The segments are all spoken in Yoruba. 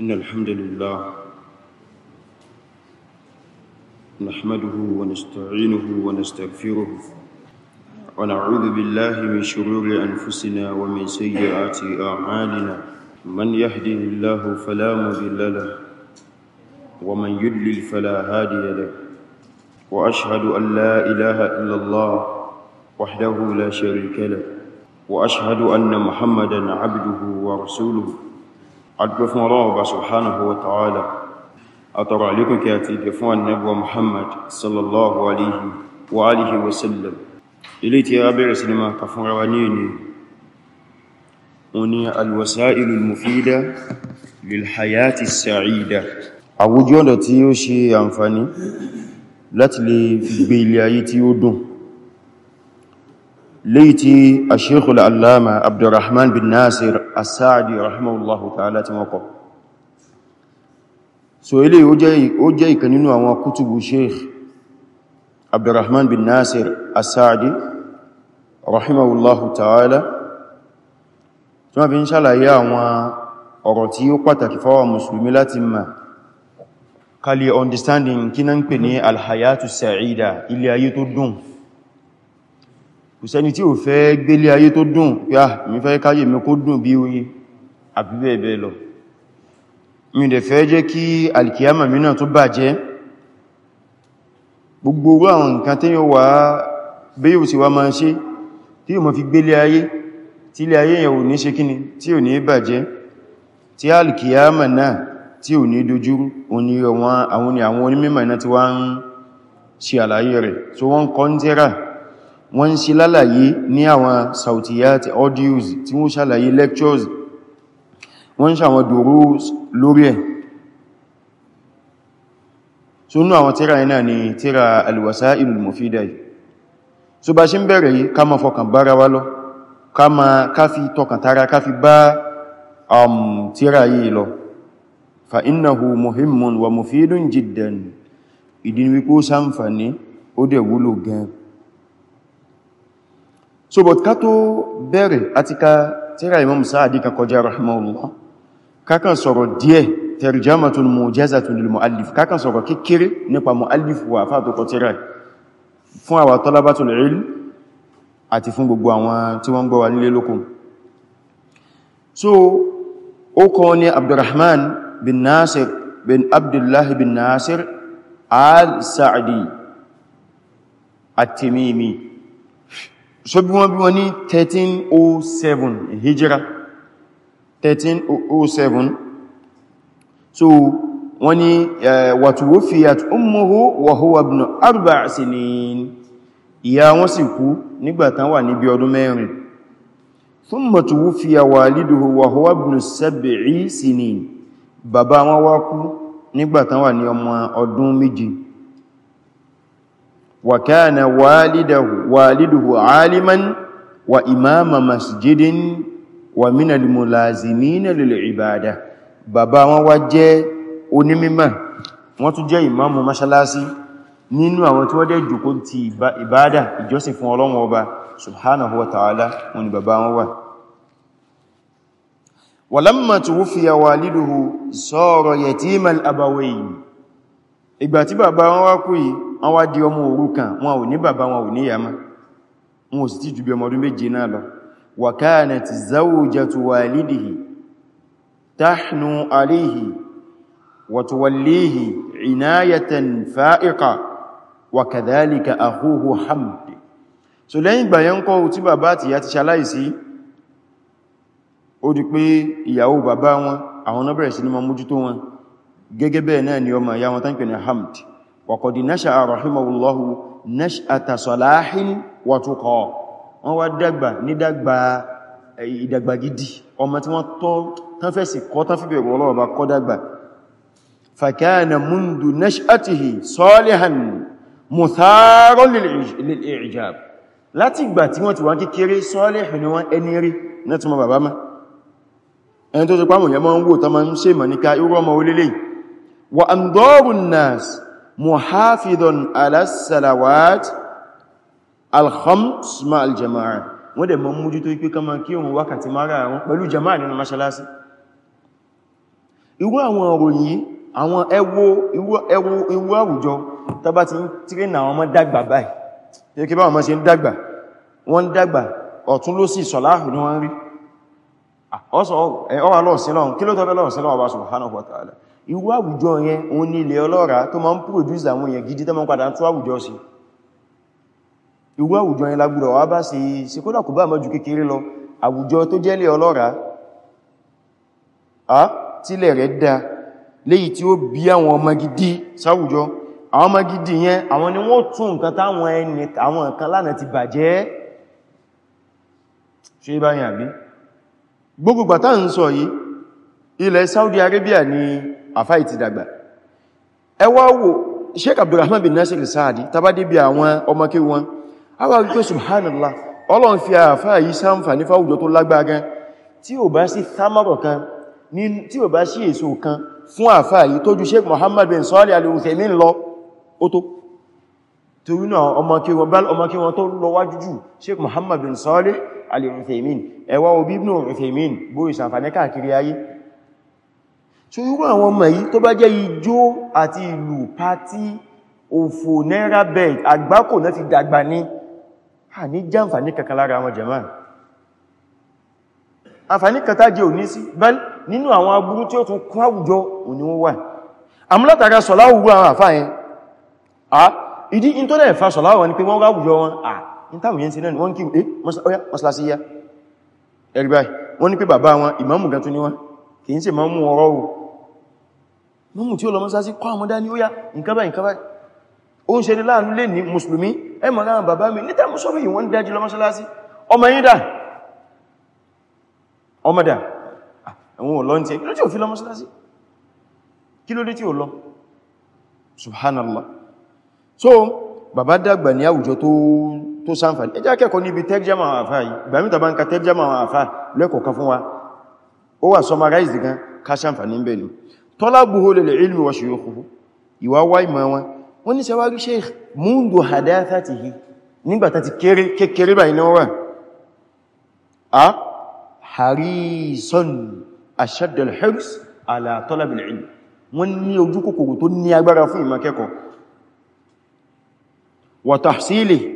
إن الحمد لله نحمده ونستعينه ونستغفره ونعوذ بالله من شرور أنفسنا ومن سيئات أعمالنا من يهده الله فلا مذل له ومن يدلل فلا هادي له وأشهد أن لا إله إلا الله وحده لا شريك له وأشهد أن محمدًا عبده ورسوله adúgbò fún ọlọ́wọ́ bá subhanahu wa ta'ala àtọrọ alékùn kí a ti ìgbẹ̀ fún annabuwa muhammad sallallahu alaihi wa alihi wa sallam ilé tí a bẹ̀rẹ̀ sinima ka fún rawa ní ní oní alwasa'ilu mufida lilhayati sa'ida àwùjọ da tí ó ṣe àǹfàní láti lè gbé ilé ayé tí ó dùn ليتي الشيخ العلامة عبد الرحمن بن ناصر السعدي رحمه الله تعالى تموقع so ilé ó jẹ́ ìkan nínú àwọn kútùbù sheikh abdurrahman bin nasir asadi rahimahullahu ta'ala tí wọ́n fi ń ṣàlàyé àwọn ọ̀rọ̀ tí ó pàtàkì fáwọn musulmi láti ma kali understanding kí na ń pè ní alhayatu sa'ida ilé ayé tó dùn kò sẹ́ni tí ò fẹ́ gbélé ayé tó dùn yá mi fẹ́ káyé mi kó dùn bí oyin àbí bẹ́ẹ̀ bẹ́ẹ̀ lọ mi dẹ̀ fẹ́ jẹ́ kí alkiyama mi náà tó bàjẹ́ gbogbo owó àwọn nǹkan tí yóò wà bí yóò sì wá máa ṣe tí yóò mọ̀ fi gbélé ayé tí ilé ayé yẹn ò ní ṣe kíni tí ò ní bàjẹ́ tí alkiyama náà tí ò ní dojú òní àwọn àwọn onímọ̀ náà ti wá ń ṣe àlàyé rẹ̀ so wọ́n kọ́ ń tẹ́ra wọ́n sí lálàyé ní àwọn sautiyati audios tí wọ́n ṣàlàyé lectures wọ́n ṣàwọn durus lórí ẹ̀ súnú àwọn tíra iná ni tíra alwasailul mufida yìí so bá ṣe ń bẹ̀rẹ̀ yìí ká ma fọkàn bára wá lọ ká ma káfí tọkàntara káfí bá um, tíra yìí lọ fa innahu muhimmun wa mufidun jiddan ìdínwípó sáǹfà ní ó dẹ̀ wúlò gan so but ká tó bẹ̀rẹ̀ àti ka tírà Imam Sa'di kan kọjá rahimahullah kákan sọ̀rọ̀ díẹ̀ tarjamatun mujazatun lil mu'allif kákan sọ̀rọ̀ kékeré nípa mu'allif wà fà tó kọ tírà fún àwa talabatul ilm àti fún gbogbo àwọn tí wọ́n gbọ́ wa nílé lókun so ó kọ ní Abdurrahman bin Nasir bin Abdullahi bin Nasir al-Sa'di at-Tamimi so bí wọ́n bí wọ́n ní 1307 hijira 1307 so wọ́n ní watuwufiyat ummuhu wa huwa ibn arba' sinin ìyá wọn sì kú nígbàtán wà níbi ọdún mẹ́rin thumma tuwufiya waliduhu wa huwa ibn sab'i sinin bàbá wọn wá kú nígbàtán wà ní ọmọ ọdún méjì wa kana walidahu waliduhu aliman wa imama masjidin wa min almulazimina lil'ibada bàbá wọn wá jẹ́ onímímọ̀ wọ́n tún jẹ́ ìmáàmù mọ́ṣálásí nínú àwọn tí wọ́n dẹ̀ jùkú ti ìbádà ìjọsìn fún Ọlọ́run Ọba subhanahu wa ta'ala wọn ni bàbá wọn wà walamma tuwufiya waliduhu sara yatimal abawayn ìgbà tí bàbá wọn wá kú yìí wọ́n wá di ọmọ òrukàn wọn ò ní bàbá wọn ò ní ìyá mọ́ wọn ò sì ti ju bí ọmọ ọdún méje náà lọ wa kanat zawjatu walidihi tahnu alayhi wa tuwallihi inayatan fa'iqa wa kadhalika akhuhu hamd so lẹ́yìn ìgbà yẹn kọ́ tí bàbá àti ìyá ti ṣaláìsí ó di pé ìyàwó bàbá wọn àwọn náà sí ní máa mójútó wọn gẹ́gẹ́ bẹ́ẹ̀ náà ni ọmọ ìyá wọn tán pè ní وقد نشأ رحمه الله نشأة صلاح وتقى wọ́n wá dàgbà ní dàgbà ìdàgbà gidi ọmọ tí wọ́n tọ́ tán fẹ́ sí kọ́ tán fi bẹ̀rẹ̀ kọ́ dàgbà فكان منذ نشأته صالحا مثارا للإعجاب láti ìgbà tí wọ́n ti wá kékeré sọ́lẹ̀ ni wọ́n ẹni rí náà tí wọ́n bàbá má ẹni tó ti pàmù yẹ muhafidun alasalawat alhams ma aljama'a wọ́n dẹ̀ mọ́ mújú tó wípé kama kí òun wákàtí mara àwọn pẹ̀lú jama'a nínú mọ́ṣálásí irú àwọn òròyìn àwọn ẹwọ irú àwùjọ tàbá ti ń tírí na àwọn ọmọ dàgbà báyìí tí ó kí báwọn ọmọ ṣe ń dàgbà wọ́n dàgbà ọ̀tún ló sì sọ̀láhù ní wọ́n rí ọ̀sọ̀ irú àwùjọ yẹn òun ni ilẹ̀ ọlọ́ràá tó ma ń produce àwọn èèyàn gidi tó ma ń padà tún àwùjọ sí irú àwùjọ yẹn lágbùdọ̀ wá bá sí sí kódà kò bá mọ́jú kékeré lọ àwùjọ tó jẹ́ ilẹ̀ ọlọ́ràá á tílẹ̀ rẹ̀ dá léyìí tí ó bí àwọn ọmọ gidi sáwùjọ àwọn ọmọ gidi yẹn àwọn gbogbo gbàtà ń sọ yìí ilẹ̀ Saudi Arabia ni àfáì ti dàgbà ẹ wá wò sheik abdulrahman bin nasir saadi tabade bí àwọn ọmọké wọn a wá rí pé subhanallah ọlọ́n fi àfáà yí sáǹfàní fáwùjọ tó lágbára tí ò bá sí thamar kan tí ò bá sí èso kan fún àfáà yí tójú sheik muhammad bin salih al-uthaymin lọ ó tó torí náà ọmọké wọn bá ọmọké wọn tó lọ obi ibn uthaymin bó ìsànfàní káàkiri ayé so irú àwọn ọmọ yìí tó bá jẹ́ ijó àti ìlú pàtí òfò náírà bed àgbákò náà ti dàgbà ní à ní jàǹfàní kankan lára àwọn jẹ̀mán àǹfàní kan tájẹ ò ní sí bẹ́l nínú àwọn aburú tí ó tún kún àwùjọ òní wọ́n wà àmúlátara sọ̀láwùrú àwọn àfáyẹn fa sọ̀láwùrú ni pé wọ́n ráwùjọ wọn à in táwọn yẹn sí náà wọ́n kí eh mọ́sálásí yá ẹ̀rí báyìí wọ́n ní pé bàbá wọn ìmáàmù gan tún ní wọn kì í ṣe mọ́mù tí ó lọ mọ́sá sí kọ́ àmọ́dá ní ó yá nǹkan báyìí nǹkan báyìí ó ń ṣe ní láàrín mi níta mùsùlùmí yìí wọ́n ń dájú lọ mọ́sálásí ọmọ yín dà ọmọ dà àwọn ọlọ́ntí kí ló tí subhanallah so bàbá dàgbà ní àwùjọ tó sáǹfàní ẹjá kẹ́kọ̀ọ́ níbi tẹ́jẹ́mà àwọn àfáà yìí gbàmítà bá ń ka tẹ́jẹ́mà àwọn àfáà lẹ́kọ̀ọ́ kan fún wa ó wà sọmaráìsì gan ká sáǹfàní ń bẹ̀ ni talabuhu lil ilmi wa shuyukhuhu ìwà wá ìmọ̀ wọn wọ́n ní sẹwárí sheikh mundu hadathatihi nígbàtà ti kékeré báyìí náà wà a harisun ashadd al-hirs ala talab al-ilm wọ́n ní ojú kòkòrò tó ní agbára fún ìmọ̀ kẹ́kọ̀ọ́ wa tahsilihi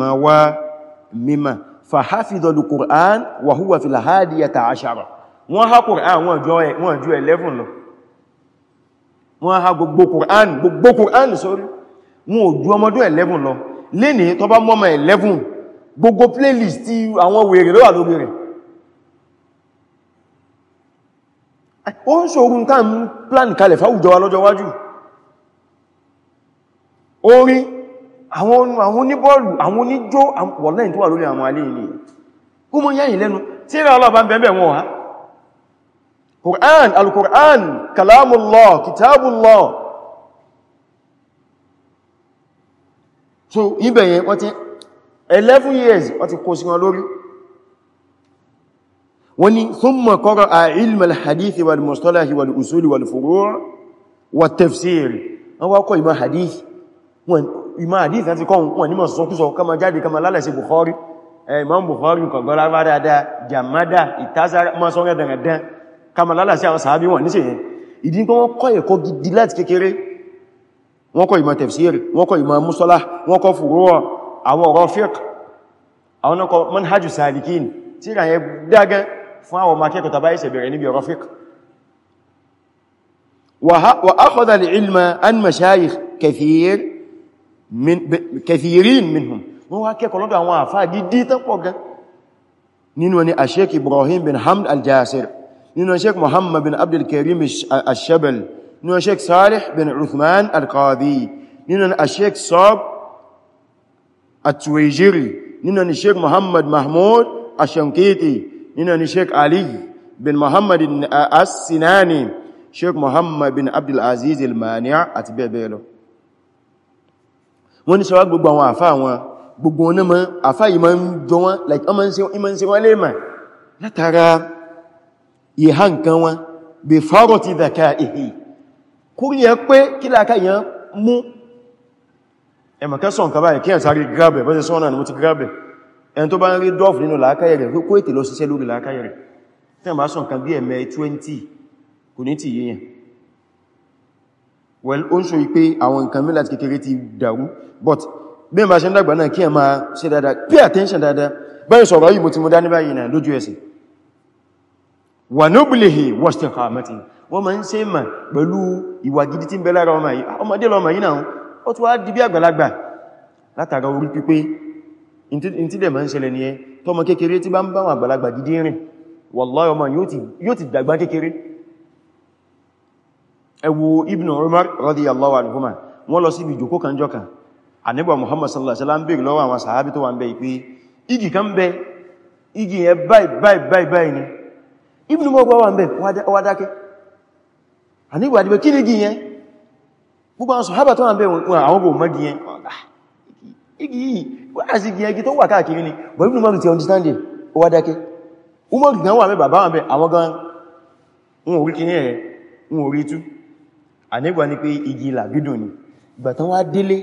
ma wá mímọ̀ fàháfidọ̀lù Qur'an wà húwà fi láhádìyàtà àṣàrà wọ́n há Qur'an wọ́n ju 11 lọ wọ́n há gbogbo Qur'an gbogbo Qur'an sórí wọ́n ò ju ọmọdún 11 lọ lẹ́ni tó bá mọ́mọ̀ 11 gbogbo playlist àwọn wèrè ló wà lórí rẹ̀ ó plan kalẹ̀ fáwùjọ wa lọ́jọ́ àwọn oníbọ́ọ̀lù àwọn oníjó wọ̀lẹ́yìn tó wà lórí àwọn alé ilé ó mọ́ yẹ́yìn lẹ́nu tí ra ọlọ́ọ̀bá ń bẹ̀ẹ̀bẹ̀ wọn ha Qur'an al-Qur'an kalamullah kitabullah so ibẹ̀yẹn wọ́n ti 11 years wọ́n ti kó sí wọn lórí wọ́n ni thumma qara'a ilma al-hadith wal-mustalahi wal-usuli wal-furu' wa tafsir wọ́n wá kọ́ ìmọ̀ hadith wọ́n ìmọ̀ àdíf àti kọ́ wọn nímọ̀ sọ́kúsọ kama jáde kama lálẹ̀ sí Bukhari Imam Bukhari nǹkan gbọ́lá rádádá jamada ìtásáré ma sọ rẹ̀ dandan kama lálẹ̀ sí àwọn sàábí wọn níṣẹ́ yẹn ìdí pé wọ́n kọ́ ẹ̀kọ́ gidi láti kékeré wọ́n kọ́ ìmọ̀ tafsir wọ́n kọ́ ìmọ̀ musala wọ́n kọ́ fùrúwọ̀ àwọn ọ̀rọ̀ fiqh àwọn ọkọ̀ manhajù salikin tí ra wa akhadha al-ilma an mashayikh kathir kẹfìrín minhum wọ́n wá kẹ́kọ̀ọ́ lọ́dọ̀ àwọn àfáà dídí tán pọ̀ gan nínú ni a sheik ibrahim bin hamd al-jasir nínú sheik muhammad bin abdul karim al-shabal nínú sheik salih bin uthman al-qadhi nínú ni a sheik sob at-tuwejiri nínú ni sheik muhammad mahmud ashankiti nínú ni sheik ali bin muhammad as-sinani sheik muhammad bin abdul aziz al-mani'a àti bẹ́ẹ̀ wọ́n ní sọ́wọ́ gbogbo àwọn àfá wọn gbogbo wọn náà àfá yìí máa ń jọ wọn like ọmọ ìmọ̀nsí wọn lè mà látara ìhá nǹkan wọn bí fọ́rọ̀ ti dàkà èhì kúrò yẹ pé kí láàká yẹn mú ẹmọ̀kẹ́ sọ nǹkan báyìí kí ẹ̀ sáré grábẹ̀ bọ́sẹ̀ sọ́nà ni mo ti grábẹ̀ ẹn tó bá ń rí dọ́ọ̀fù nínú làákàyẹ̀ rẹ̀ kó ètè lọ síṣẹ́ lórí làákàyẹ̀ rẹ̀ tí a bá sọ nǹkan bí ẹ̀mẹ́ 20 kò ní ti yíyàn well ó ń sọ wípé àwọn nǹkan mílà ti kékeré ti dàrú but bí n bá ṣe ń dàgbà náà kí ẹ máa ṣe dáadáa pay attention dáadáa báyìí sọ̀rọ̀ yìí mo ti mú dání báyìí náà lójú ẹsẹ̀ wà nóbìlìhì wọ́stẹ̀ kàmàtì wọ́n ma ń ṣe mà pẹ̀lú ìwà gidi tí ń bẹ lára ah, ọmọdé lọ́mọ yìí náà ó tún wá di bí àgbàlagbà látara orí pípé in tí dẹ̀ ma ń ṣẹlẹ̀ ní ẹ tọ́mọ kékeré tí bá ń báwọn àgbàlagbà gidi rìn Ibn Umar radiyallahu anhuma wọ́n lọ sí ibi ìjòkó kan jọ anigba muhammad sallallahu alaihi wasallam bèèrè lọ́wọ́ àwọn sàhábí tó wà ń bẹ ìpé igi kan bẹ igi yẹn bai bai bai ni igi ah, igi igi ni bọ̀ ibùn mọ́gbà ti understand it ó wá umar gan wà ń bẹ bàbá wà ń gan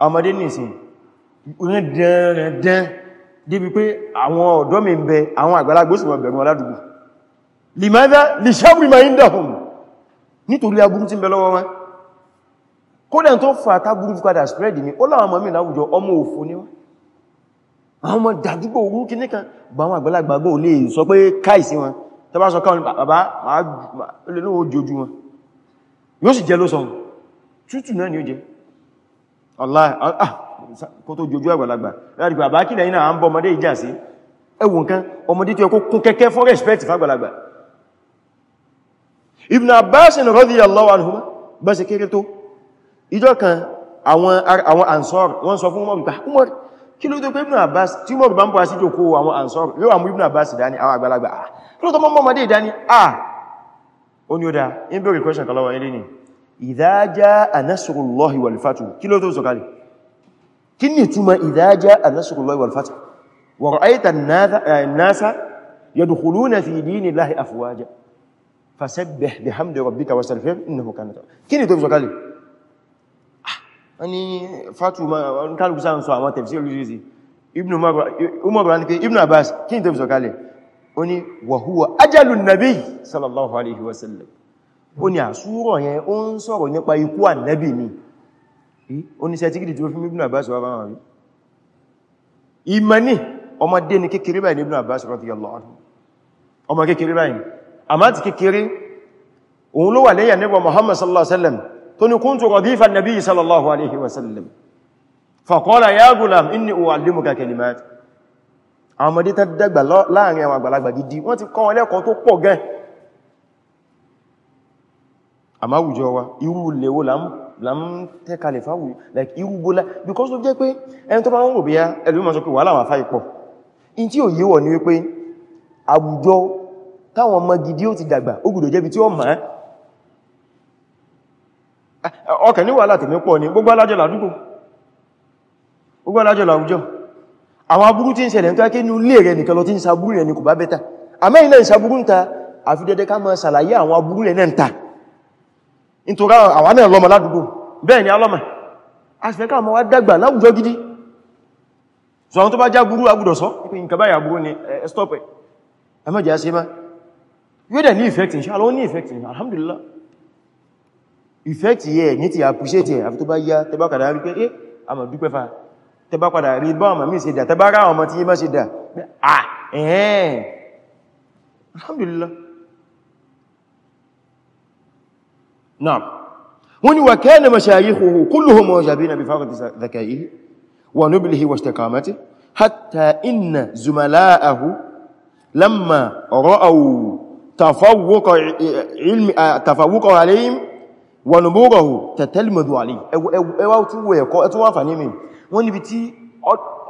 ọmọdé nìsìn rẹ̀dẹ̀rẹ̀dẹ̀ débi pé àwọn ọ̀dọ́ mi ń bẹ àwọn àgbàlagbà sì wọ́n bẹ̀rún aládùgbò limadha li sharri ma indahum nítorí agbúrú tí ń bẹ lọ́wọ́ wọn kódà tó fà tágbúrú fúkadà spread ni ó láwọn ọmọ mi láwùjọ ọmọ òfò ni wọ́n àwọn ọmọ dàdúgbò ogun kí níkan bá wọn àgbàlagbà gbò lè sọ pé káìsí wọn tó bá sọ káwọn bàbá olè lóòjòjú wọn yóò sì jẹ́ ló sọ tútù náà ni ó jẹ́ Ah, ah kó tó jojú àgbàlagbà láti pé àbákìlẹ̀ iná à ń bọ́ ọmọdé ìjà sí ẹwù nǹkan ọmọdé tí o kó kún kẹ́kẹ́ fún respect fàgbàlagbà Ibn Abbas radiyallahu anhuma bá ṣe kéré tó ìjọ kan àwọn ansor wọ́n sọ fún Umar pé Umar kí ló tó pé Ibn Abbas tí Umar bá ń bọ́ sí jòkó àwọn ansor yóò àmú Ibn Abbas dání àwọn àgbàlagbà ah, kí ló tó mọ́ ọmọdé dání ah ó ní ó dá in bèèrè question kan lọ́wọ́ ilé ni idha jaa nasrullahi wal fathu kí ló tó sọ̀kalẹ̀ kí ni túnmọ̀ idha jaa nasrullahi wal fathu wa ra'ayta eh, an-nasa yadkhuluna fi dinillahi afwaja fasabbih bihamdi rabbika wastaghfir innahu kana kí ni tó sọ̀kalẹ̀ ani fatu ma kalu san so àwọn tafsir lujisi ibn umar ran ke ibn abbas kí ni tó sọ̀kalẹ̀ oni wa huwa ó ní àsúrọ̀ yẹn ó ń sọ̀rọ̀ nípa ikú ànẹ́bì ni ó ní sẹ́tíkìdì tí ó fi Ibn Abbas wà báwọn rí ìmẹ́ni ọmọdé ni kékeré báyìí Ibn Abbas radiyallahu anhu ọmọ kékeré báyìí àmá ti kékeré òun ló wà lẹ́yìn Ànábì Muhammad sallallahu alaihi wasallam tó ní kuntu radifan nabiy sallallahu alaihi wasallam faqala ya gulam inni u'allimuka àwọn ọmọdé tẹ́ dẹ́gbà láàrin àwọn àgbàlagbà gidi wọ́n ti kọ́ wọn tó pọ̀ gan àmáwùjọ wa irú lèwó la ń tẹ́kalẹ̀ fáwù like irú bólá because ló jẹ́ pé ẹni tó bá ń rò bí ya ẹlùmí sọ pé wà láwọn afá ipọ̀ in tí ò yé wọ̀ ní wípé àwùjọ táwọn ọmọ gidi ó ti dàgbà ó gùdò jẹ́bi tí ó mọ̀ ọkẹ̀ ní wàhálà tèmi pọ̀ ní gbogbo alájọ́ làdúgbò gbogbo alájọ́ làwùjọ àwọn aburú tí ń ṣẹlẹ̀ ń tó ẹ́kẹ́ ní ilé nítorá àwa náà lọ́mọ ládùúgbò bẹ́ẹ̀ ni alọ́mọ a sì fẹ́ká mọ́ wá dàgbà láwùjọ gidi so àwọn tó bá já burú agbùdọ̀ sọ pé nǹkan báyà burú ni ẹ stop ẹ ẹmọ́jẹ́ a ṣe má yóò dẹ̀ ní effect inshallah ní effect alhamdulillah effect yẹ ní ti appreciate ẹ̀ àfi tó bá yá tẹbá kàdà rí eh, a mọ̀ dúpẹ́ fa tẹbá padà rí bá ọmọ ah, alhamdulillah نعم وني وكان مشايخه كلهم معجبين بفرط ذكائه ونبله واستقامته حتى إن زملائه لما رأوا تفوق علم تفوق عليهم ونبوغه تتلمذ عليه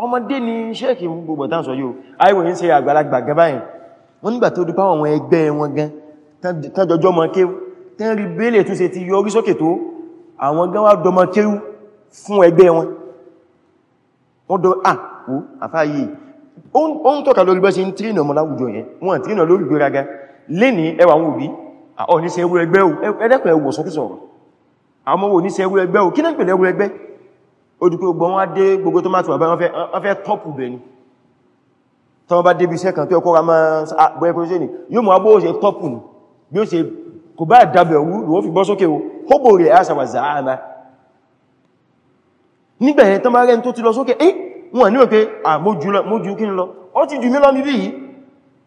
wà ní ṣẹ́ẹ̀kì gbogbo tán sọ yóò ayíwẹ̀ ń ṣe àgbàlagbà gan tán rí bẹ́lẹ̀ tún ṣe ti yọrí sókè tó àwọn gan wá dọmọ kéwú fún ẹgbẹ́ wọn wọ́n dọ àpò ah, àfáyé ó ń tọ́ka lórí bọ́ sí ń tírìnà ọmọ láwùjọ yẹn wọ́n tírìnà lórí gbéraga lè ní ẹwà àwọn òbí oníṣẹ́ ẹwú ẹgbẹ́ ẹdẹ́kùn ẹwù ọ̀sọ́kùsọ̀rọ̀ àwọn oníṣẹ́ ẹwú ẹgbẹ́ kí náà pẹ̀lú ẹwú ẹgbẹ́ ó dùkú gbọ́n wá dé gbogbo tó máa tù àbá wọ́n fẹ́ tọ́pù bẹ̀ ni tọ́wọ́n bá débi iṣẹ́ kan tó ẹkọ́ ra máa bọ́ ẹkọ́ sí ni yóò mú abó ó ṣe tọ́pù ni bí ó ṣe kò bá dábẹ̀wú ni wọ́n fi bọ́ sókè o hóbò rẹ̀ aṣàwà zàáàmà nígbẹ̀yẹn tán bá rẹ̀ tó ti lọ sókè eh wọ́n ní òkè àmójú kí ní lọ ó ti jù mí lọ níbí yìí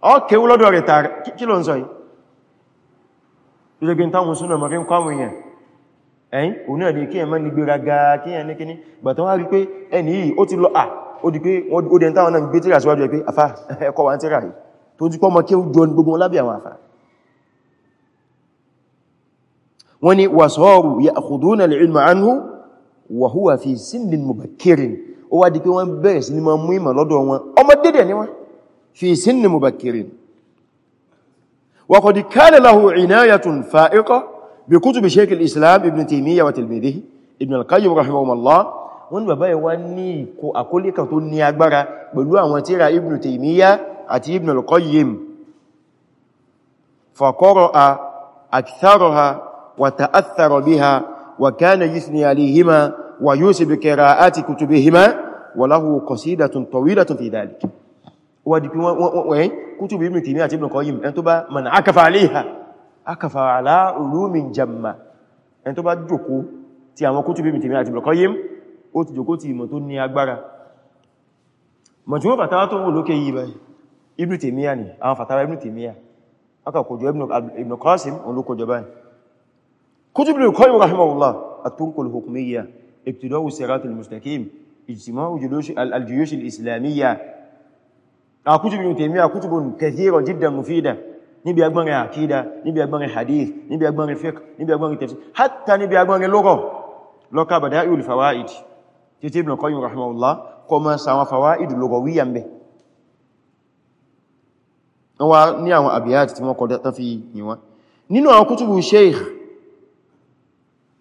ọ kéwú lọ́dọ̀ rẹ̀ tààrà kí lọ ń sọ yìí ìrẹ́gbẹ̀ táwọn súnà mọ̀ fi ń kọ́ àwọn èèyàn ẹ̀yìn òun náà di kí ẹ̀mọ́ ní gbéraga kí ẹ̀yàn ní kíní gbàtán wá rí pé ẹni yìí ó ti lọ wọ́n ni wasaru ya'khuduna al-ilma anhu wa huwa fi sinnin mubakkirin ó wá di pé wọ́n bẹ̀rẹ̀ sí ní máa mú ìmọ̀ lọ́dọ̀ wọn ọmọdé dẹ̀ ni wọ́n fi sinnin mubakkirin wa qad kana lahu inayatun fa'iqa bi kutubi shaykh al-islam ibn taymiyyah wa tilmidhihi ibn al-qayyim rahimahumullah ni bàbá yẹn wá ní ìkó tó ní agbára pẹ̀lú àwọn tíra ibn taymiyyah àti ibn al-qayyim fa qara'a aktharuha وتأثر بها وكان يثني عليهما ويوسي بقراءات كتبهما وله قصيدة طويلة في ذلك كتب ابن تيمية ابن القيم أنتبا من عكف عليها عكف على علوم جمة أنتبا جوكو تي أما كتب ابن تيمية ابن القيم ó ti jòkó ti ìmọ̀ tó ní agbára mọ̀júmọ́ fàtàwà tó wò lókè yìí báyìí Ibn Taymiyyah ni àwọn fàtàwà Ibn Taymiyyah akàkòjò كتب القيم رحمه الله الطرق الحكمية ابتداء الصراط المستقيم اجتماع الجيوش الإسلامية كتب ابن تيمية كتب كثيرة جدا مفيدة níbi agbọ́nrin àkídà níbi agbọ́nrin hadith níbi agbọ́nrin fiqh níbi agbọ́nrin tafsir hatta níbi agbọ́nrin lọ́rọ̀ lọ́ka bada'ul fawaid títí Ibn Qayyim rahimahullah kọ ma sàwọn fawaid lughawiyya ń bẹ wọ́n wá ní àwọn àbíyàtì tí wọ́n kọ tán fi yìnwá nínú àwọn kútùbù sheikh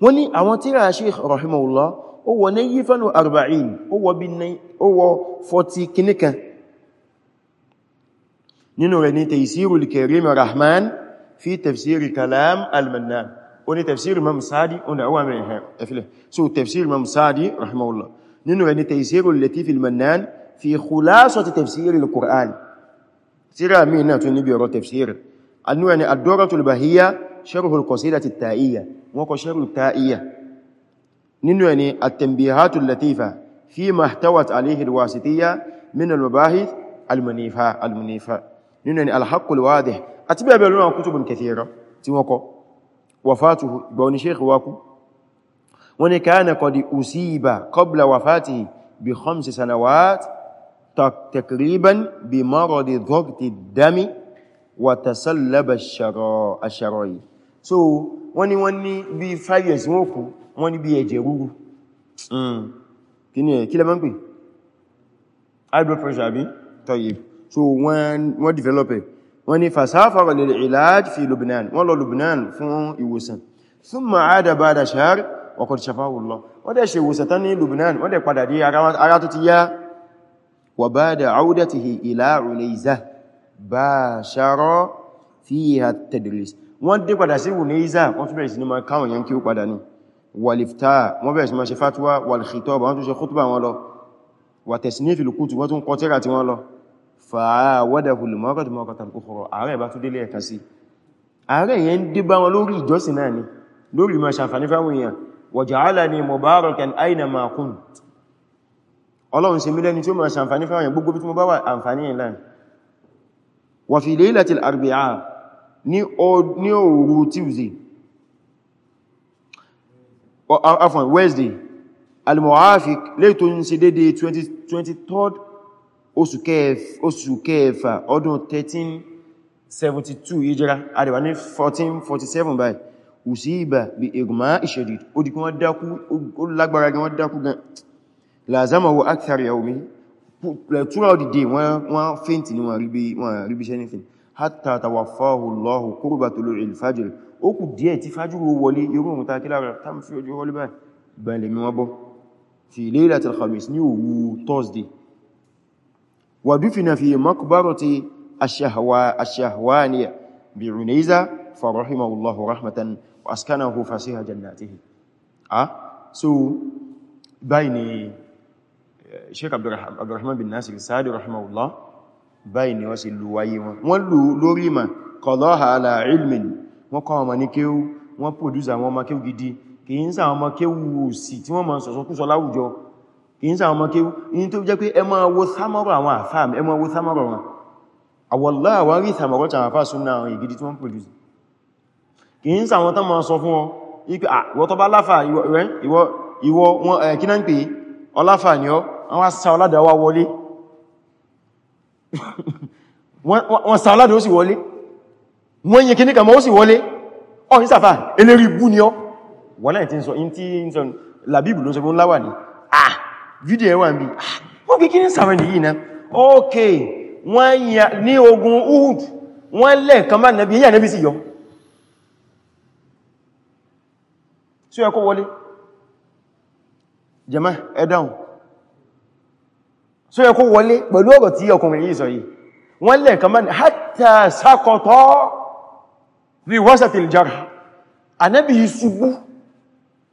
wọ́n ní àwọn tíra sheikh rahimahullah ó wọ ní yífẹ́nu arba'in ó wọ bí ní ó wọ 40 kìníkan nínú rẹ̀ ní taysirul karim rahman fi tafsiri kalam al-mannan ó ní tafsiri imam sadi ó ní àwọn mẹ́rin ẹfilẹ̀ so tafsiri imam sadi rahimahullah nínú rẹ̀ ní taysirul latif al-mannan fi khulasati tafsiri al-qur'an tíra mi náà tún níbi ọ̀rọ̀ tafsiri annu rẹ̀ ní ad-duratul bahiyya sharhul qasidati at-ta'iyya wọ́n kọ ṣẹ́rù ta'iyyà nínú ẹ̀ ni at-tanbihatul latifa fi ma ihtawat alayhi al-wasitiyya min al-mabahith al-munifa al-munifa nínú ẹ̀ ni al-haqqul wadih àti bẹ́ẹ̀ bẹ́ẹ̀ lọ́nà kutubun kathira tí wọ́n kọ wafatuhu ìgbà oní sheikh waku wọ́n ni kana qad usiba qabla wafatihi bi khamsi sanawat takriban bi maradi dhagti dami wa tasallaba ash-shara'i so wọ́n ní wọ́n ní bí 5 years wọ́n kú wọ́n ní bí ẹ̀jẹ̀ rúrú hmm. kí ni ẹ̀ kí lẹ máa ń pè high blood pressure àbí tọ́yẹ̀ so wọ́n develop ẹ̀ wọ́n ní fasáfà wà lil ilaj fi Lubnan wọ́n lọ Lubnan fún ìwòsàn thumma aada ba'da shahr wa qad shafahu Allah fiha tadris wọ́n dé padà sí wùnéíza wọ́n tún bẹ̀rẹ̀ sí ní ma káwọn yẹn kí ó padà ní wàlìftà wọ́n bẹ̀rẹ̀ sí ma ṣe fatuwa wàlìkìtọ́bà wọ́n tún ṣe kútùbà wọn lọ wà tẹ̀sínífì lùkútù wọ́n tún kọtíra tí wọ́n lọ fàáwọ́dàhù lùmọ́kọ̀tàmọ́kọ̀tàm kòkòrò ààrẹ bá tún délé ẹ̀kan sí ààrẹ yẹn dé bá wọn lórí ìjọsìn náà ni lórí ma ṣàǹfàní fáwọn èèyàn waja'alani mubarakan aina ma kun ọlọ́run ṣe wa fi laylatil arbi'a ní òru tuesday afon wednesday al-mu'afiq lè tó ń ṣe dédé 23rd oṣù kẹfà ọdún 1372 ìjira àdìwà ní 1447 báyìí òsìíbà bí ìgbìmá ìṣẹ̀dì ó dìkún wọ́n dákú ó lágbára gan wọ́n dákú gan làzámà wọ́n akthar yawmi throughout the day wọ́n fẹ́ntì ní wọ́n rí bí ṣẹ́nìfẹ́ hatta tawaffahu Allahu qurba tulu'i al-fajr ó kù díẹ̀ tí fajr ó wọlé irú mú ta kila rẹ̀ tam fi ojú wọlé báyìí bẹ́ẹ̀ lè mi wọ́n bọ́ fi laylatil khamis ní òru thursday wa dufina fi maqbarati ash-shahwa ash-shahwaniya bi Unayza fa rahimahu Allahu rahmatan wa askanahu fasiha jannatihi ah so báyìí ni Sheikh Abdurrahman bin Nasir Sa'di rahimahullah báyìí ni wọ́n sì lù wáyé wọn wọ́n lù lórí ìmọ̀ kọlọ́ha ala ilmin wọ́n kọ́ ọmọ ní kéwú wọ́n pòdúsà àwọn ọmọ kéwú gidi kìí ń sáwọn ọmọ kéwú sí tí wọ́n máa sọ̀sọ̀kúsọ láwùjọ kìí ń sáwọn ọmọ kéwú ní tó jẹ́ pé ẹ máa wo sámọ́rọ̀ àwọn àfáàm ẹ máa wo sámọ́rọ̀ wọn àwọ̀lá àwọn rí ìsàmọ̀rọ̀ tàwọn àfáà súnmọ́ àwọn ìgidi tí wọ́n pòdúsì kìí ń sáwọn wá wọlé wọ́n sa aládùn ó sì wọlé wọ́n yẹ kí ní kàmọ́ ó sì wọlé ọ̀ ní sàfà eléri bú ni ọ́ wọ́n láì tí ń sọ in tí ń sọ làbíbù ló sọ fún láwà ní ah video ẹwà ń bí wọ́n kí kí ní sàfà nìyí na ok wọ́n yà ní ogun Uhud wọ́n lẹ̀ kan bá nàbí yà nàbí sì yọ sí ẹkọ́ wọlé jẹ́mọ́ so yẹ kó wọlé pẹ̀lú ọ̀rọ̀ tí ọkùnrin yìí sọ yìí wọ́n lẹ́ẹ̀kan mẹ́rin hátà sákọtọ́ rí wọ́sàtìl jarh anẹ́bì yìí ṣubú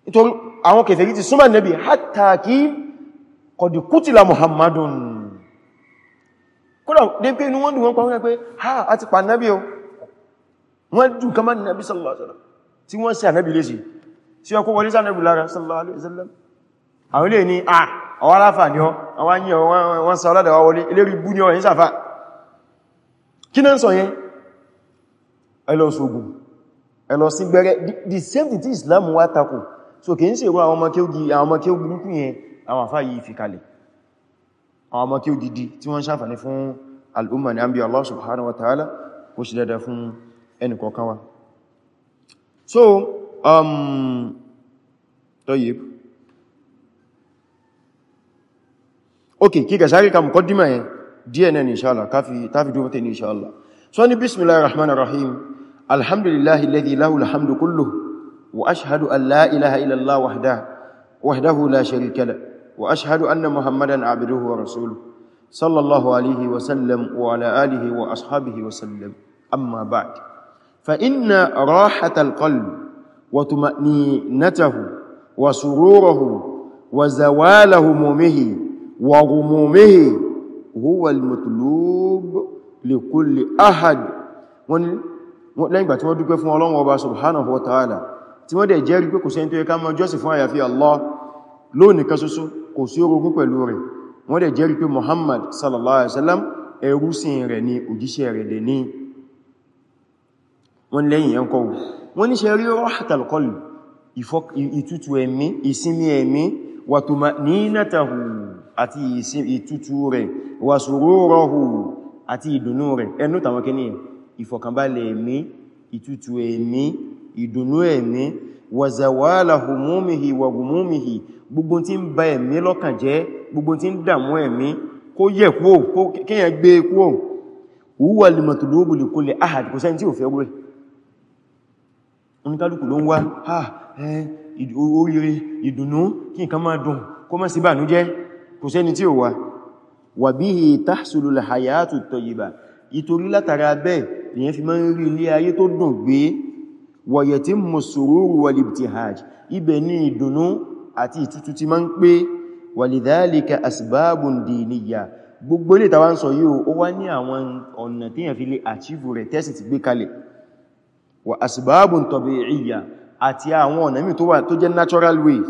nítorí àwọn kèfèrí ti súnmọ́ anẹ́bì hátà kí kọ̀dì muhammadun kódà dé pé inú wọ́n dùn wọ́n pàwọn ha a ti pa anẹ́bì o wọ́n dùn sallallahu alaihi wasallam tí wọ́n sí anẹ́bì lé sí sí ọkọ̀ wọlé sallallahu alaihi wasallam àwọn ilé ni ah àwọn aláfà ní ọ àwọn yíò wọ́n sọ ọlọ́dẹ̀ wọ́n wọlé ilérí bú ní ọ yín kí náà sọ yẹn ẹlọ sógùn ẹlọ the same thing is Islam wá takò so kì í ṣe ìwọ àwọn ọmọ kí ó burúkú yẹn àwọn àfá yìí fi kalẹ̀ àwọn ọmọ kí ó gidi tí ni an subhanahu wa ta'ala kó ṣe dada fún so um, tayyib ok kíkà sáré ka mọ̀kọ́dímà yẹn díẹ̀ náà inṣáàlá káfí dúrótẹ́ ní inṣáàlá so ní bismillahir rahmanir rahim alhamdulillahi alladhi lahu alhamdu kulluh wa aṣhadu an ilaha ilallah wahda wahdahu la sharika la wa ashhadu anna muhammadan abduhu wa rasuluh sallallahu alaihi wa wa ala alihi wa ashabihi wa amma ba'd وغمومه هو المطلوب لكل أحد lẹ́yìn ìgbà tí wọ́n dúpẹ́ fún Ọlọ́run ọba subhanahu wa ta'ala tí wọ́n dẹ̀ jẹ́rìí pé kò sẹ́ni tó yẹ ká mọ́ jọ́sìn fún àyàfi Allah lónìí kan ṣoṣo kò sí orogún pẹ̀lú rẹ̀ wọ́n dẹ̀ jẹ́rìí pé Muhammad sallallahu àti ìtútù rẹ̀ wà sùúrọ̀hù àti ìdùnnú rẹ̀ ẹnú tàwọn kìíní ìfọ̀kànbalẹ̀ ẹ̀mí ìtútù ẹ̀mí ìdùnnú ẹ̀mí wà zàwàálà hùmúmìhì wà gùmúmìhì gbogbo tí ń ba ẹ̀mí lọ́kàn jẹ́ gbogbo tí ń dàmú ẹ̀mí kó yẹ̀ kúò kíyàn gbé kúò wúwà lè mọ̀tòlóbù lè kó lè áhàdì kò sẹ́yìn tí kí nǹkan máa dùn kó má sí bànújẹ́ kò sẹ́ni tí ó wà wà bihi tahsulul hayatu tayyiba ìtorí látara bẹ́ẹ̀ èyàn fi máa ń rí ilé ayé tó dùn gbé wa yatimmu sururu wal ibtihaj ibẹ̀ ní ìdùnnú àti ìtútù ti máa ń pé walidhalika asbabun diniya gbogbo ilé tàwà sọ yíò ó wá ní àwọn ọ̀nà tí yàn fi lè àchífù rẹ̀ tẹ́sì ti gbé kalẹ̀ wa asbabun tabi'iyya àti àwọn ọ̀nà mí tó jẹ́ natural ways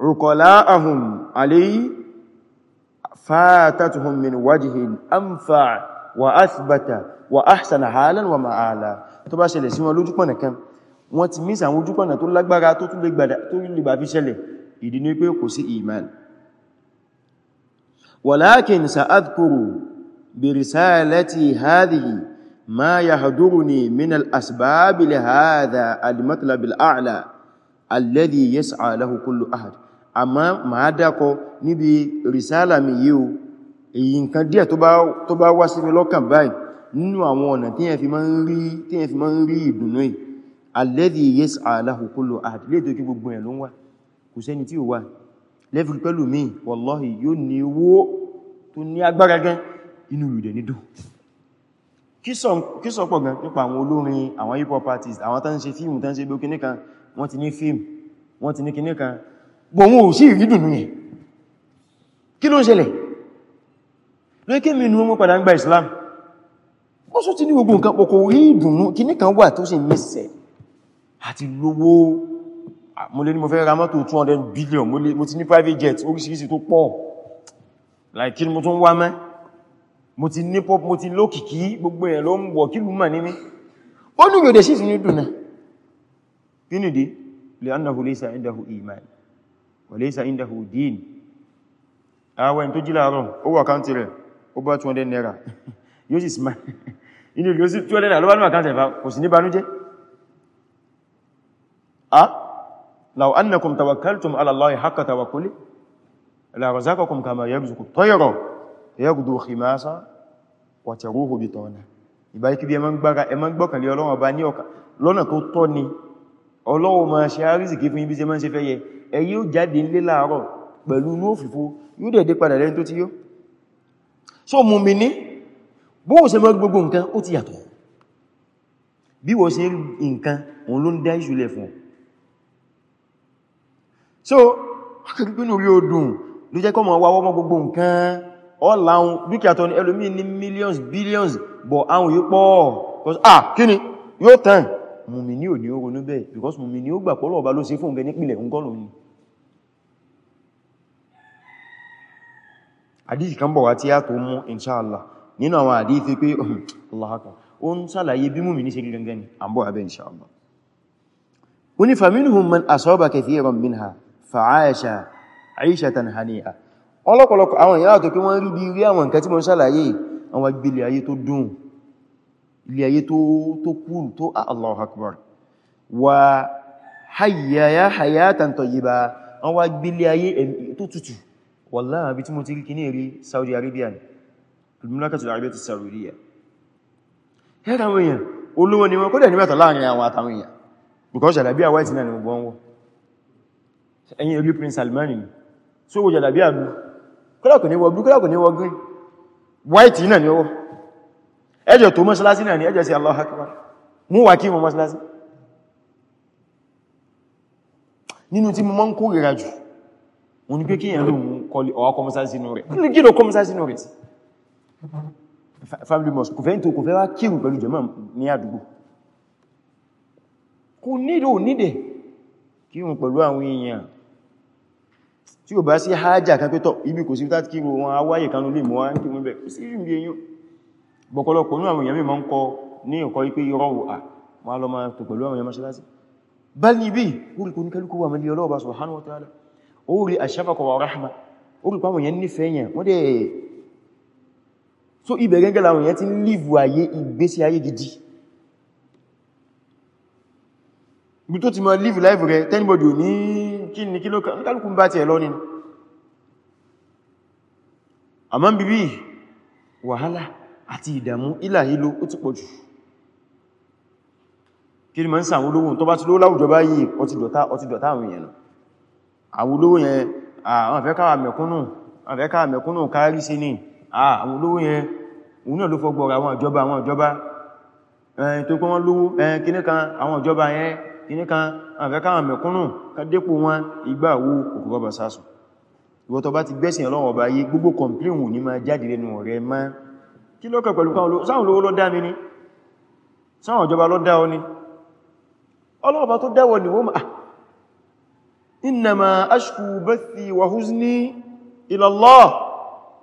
عقلاءهم علي فاتتهم من وجه أنفع وأثبت وأحسن حالا وما أعلى bá ṣẹlẹ̀ sí wọn lójúpọ̀nà kan wọ́n ti mísà àwọn ojúpọ̀nà tó lágbára tó tún lè gbà fi ṣẹlẹ̀ ìdí ni pé إيمان ولكن سأذكر برسالتي هذه ما يهدرني من الأسباب لهذا المطلب الأعلى الذي يسعى له كل أحد àmọ́ màá dákọ níbi rìsáàlà mi yìí o èyí nǹkan díẹ̀ tó bá wá sí mi lọ́kàn báyìí nínú àwọn ọ̀nà tí yẹn fi máa ń rí ìdùnnú ì alladhi yas'a lahu kullu ahad lè tó kí gbogbo ẹ̀ ló ń wà kò sẹ́ni tí ó wà lẹ́fì pẹ̀lú mi wallahi yóò ní pọ̀ gan nípa àwọn olórin àwọn hip hop artists àwọn tán ṣe fíìmù tán ṣe bí ó kíníkan wọ́n ti ní fíìmù wọ́n ti ní kíníkan bọ̀ wọn ò sí ìrídùnú yẹn kí ló ń ṣẹlẹ̀ lókè mi ní wọ́n padà ń gba Islam ó sọ ti ní gbogbo nǹkan pọ̀kọ̀ rí ìdùnnú kìní kan wà tó sì mẹ́sẹ̀ àti lówó mo lé ní mo fẹ́ ra mọ́tò 200 billion mo ti ní private jet oríṣiríṣi tó pọ̀ like kí ni mo tún wá mẹ́ mo ti ní pop mo ti lókìkí gbogbo ẹ̀ ló ń wọ̀ kí lù mà ní mí ó ní ìròdẹ̀ sí ìsinú dùn náà kí nìdí lè annahu laysa indahu iman walaysa indahu din àwẹ̀ tó jí láàárọ̀ ó wà káńtì rẹ̀ ó bá 200 naira yóò sì smile inú ìlú sí 200 naira ló bá ní àkáǹtì ẹ̀fà kò sí ní banújẹ́ a law annakum tawakkaltum ala Allahi haqqa tawakkuli la razaqakum kama yarzuqu tayra yaghdu khimasa wa taruhu bitana ìbáyé kí bí ẹmọ́ gbọ́kànlẹ̀ ọlọ́wọ́ bá ní ọkà lọ́nà tó tọ́ ni ọlọ́wọ́ ma ṣe àrísìkí fún ẹ̀yin ó jáde nílé láàárọ̀ pẹ̀lú inú òfìfo yóò dẹ̀ dé padà lẹ́yìn tó ti yó so mùmínì bó ṣe mọ́ gbogbo nǹkan ó ti yàtọ̀ bí wọ́n ṣe nǹkan òun ló ń dá ìṣúlẹ̀ fún so akẹ́gbẹ́nù rí odùn ló jẹ́ kọmọ wa wọ́mọ́ gbogbo nǹkan ọlá àwọn dúkìá tọ́ ní ẹlòmí ní millions billions bọ̀ àwọn yóò pọ̀ ah kíni yóò tán mùmìnì ò ní ó ronú bẹ́ẹ̀ because mùmìnì ó gbà pọ́lọ̀ ọba ló ṣe fún ọ̀gẹ́ nípìnlẹ̀ ń gọ́lù àdíjì kan bọ̀ wá tí a tó mú inṣáàlá nínú àwọn àdíjì pé ọlọ́haka àwọn ìyá àtọ́kí wọ́n rí bí rí àwọn nǹkan tí mo ń àwọn agbèlè ayé tó dùn ilé ayé tó kúrù tó ah, Allahu Akbar wà hayaya hayatan tayyiba wọ́n wá gbé ilé ayé tó tutù wallahi bí tí mo ti rí kí ní èrí Saudi Arabia ni Al-Mamlakatul Arabiyyatus Saudiyya yára àwọn èèyàn olówó ni wọ́n kó dẹ̀ ní mẹ́ta láàrin àwọn àtàwọn èèyàn because jàlàbíà white náà gbọ́n wọ́ ẹ̀yìn orí Prince Salmani so wo jàlàbíà blue kọ́lá ni wọ́ ẹjọ̀ tó mọ́sálásí náà ni ẹjọ̀ sí Allahu Akbar mú wà kí mọ́ mọ́sálásí nínú tí mọ́ ń kó rẹ̀ jù wọn ni pé kí èyàn lóhun kọlì ọwọ́ kọmọ́sálásí nú rẹ̀ kí ló kọmọ́sálásí nú rẹ̀ sí family mosque kò fẹ́ tó kò fẹ́ wá kírù pẹ̀lú jàmá ní àdúgbò kò nílò nídẹ̀ kírù pẹ̀lú àwọn èèyàn tí ò bá sí hájà kan pé tọ̀ ibi kò sí tàbí kírù wọn awáyè kanú lè mọ́ wá ń kírù bẹ̀ sí ìrìn bí bọ̀kọ̀lọpọ̀ ní àwọn èèyàn mímọ̀ ń kọ ní ọ̀kọ́ ipé yọrọ̀wò à máa lọ máa tó pẹ̀lú àwọn èèyàn mọ́ṣálásí bá ní bí orí kò ní kẹlùkú wà mẹ́lẹ̀ ọlọ́ọ̀bá subhanahu wa so ibẹ̀ gẹ́gẹ́ làwọn èèyàn ti ń lìvù ayé ìgbésí ayé gidi ibi tó ti mọ lìvù láìvù rẹ tẹ́nibọ̀dì ò ní kí ni kí ló kálùkù wàhálà àti ìdàmú ìlàhílò ó ti pọ̀jù kí ni ma ń sàwọn olówó tó bá ti ló láwùjọ báyìí ọtí dọ̀tá ọtí dọ̀tá àwọn èèyàn àwọn olówó yẹn àwọn fẹ́ káwà mẹ̀kúnnù àwọn fẹ́ káwà mẹ̀kúnnù kárí sí ní àwọn olówó yẹn òun náà ló fọgbọ̀rọ̀ àwọn ìjọba àwọn ìjọba tó pé wọ́n lówó kíní kan àwọn ìjọba yẹn kíní kan àwọn fẹ́ káwà mẹ̀kúnnù kan dépò wọn ìgbà wo òkú bàbà sásùn ìwọ tó bá ti gbẹ́sìn ọlọ́wọ̀ báyìí gbogbo kọ̀m̀plín wù ní máa jáde lẹ́nu ọ̀rẹ́ kí ló kàn pẹ̀lú sáwọn olówó ló dá mi ní sáwọn ìjọba ló dá ọ ní ọlọ́ọ̀bá tó dáwọ̀ ni wọ́n ma ah, innama ashku bathi wa huzni ila Allah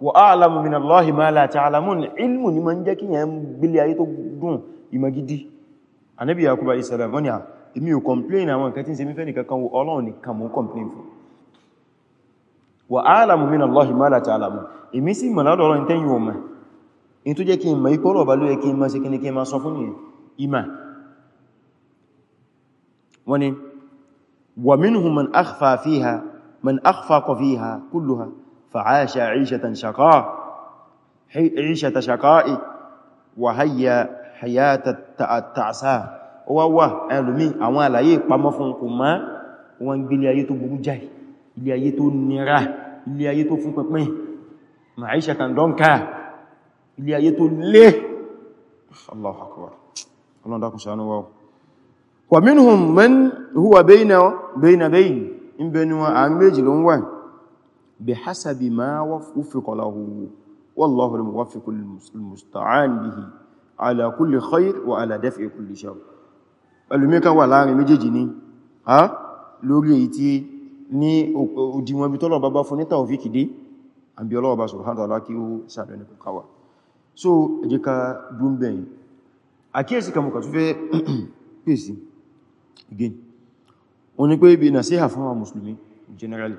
wa a'lamu min Allah ma la ta'lamun ilmu ni ma ń jẹ́ kí yẹn gbílé ayé tó dùn ìmagidi Ànábì Yakuba isalam wọ́n ni à ah, èmi ò complain àwọn nǹkan ọmọ in tó jẹ́ kí n mọ̀ ipò ọ̀rọ̀ ọba ló yẹ kí n mọ̀ sí kí ní kí n máa sọ fún ní ìmá wọ́n ni wa minhum man akhfa fiha man akhfaqa fiha kulluha fa'asha 'ishatan shaqa 'ishata shaqa'i wa hayya hayata ilé ayé tó nira ilé ayé tó fún pẹ̀pẹ̀ ma'ishatan donka ilé ayé tó lé Allahu akbar ọlọ́dá kò ṣàánú wa wa minhum man huwa bayna bayna bayn in bẹni wọn a méjì ló ń wà bi hasabi ma wuffiqa lahu wallahu al-muwaffiqu al-musta'an bihi ala kulli khair wa ala daf'i kulli shar ẹlùmíkà wà láàrin méjèèjì ní a lórí so ẹjẹ́ka bloomberg àkíyèsí kàmùkà tó fẹ́ pèsè again o ní pé ibi na fún àwọn mùsùlùmí generally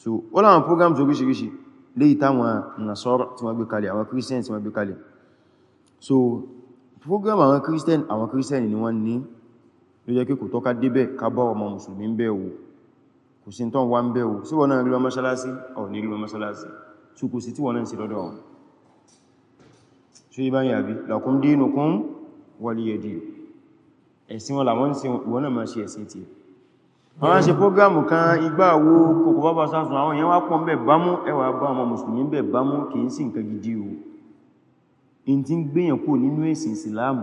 so wọ́n láwọn programs oríṣiríṣi léyìí táwọn nasọ́rọ̀ tí wọ́n gbé kalẹ̀ àwọn christian tí wọ́n gbé kalẹ̀ so program àwọn christian àwọn christian ni wọ́n ní ló jẹ́ kí kò tọ́ka débẹ̀ ká bá ọmọ mùsùlùmí ń bẹ̀ wò kò sí tán wá ń bẹ̀ sí wọ́n náà rí wọn mọ́ṣálásí ọ̀ ní rí wọn mọ́ṣálásí tí kò sí tí wọ́n náà sí lọ́dọ̀ wọn ṣe bá yà bí lakum dinukum waliya din ẹ̀sìn wọn làwọn sí wọn náà máa ṣe ẹ̀sìn tí wọ́n ṣe prógrámù kan igbá owó kòkò bábá sásun àwọn èèyàn wá pọ̀ ń bẹ̀ bámú ẹwà bá ọmọ mùsùlùmí bẹ̀ bámú kì í sí nǹkan gidi o in ti ń gbéyàn kó nínú ẹ̀sìn ìsìláàmù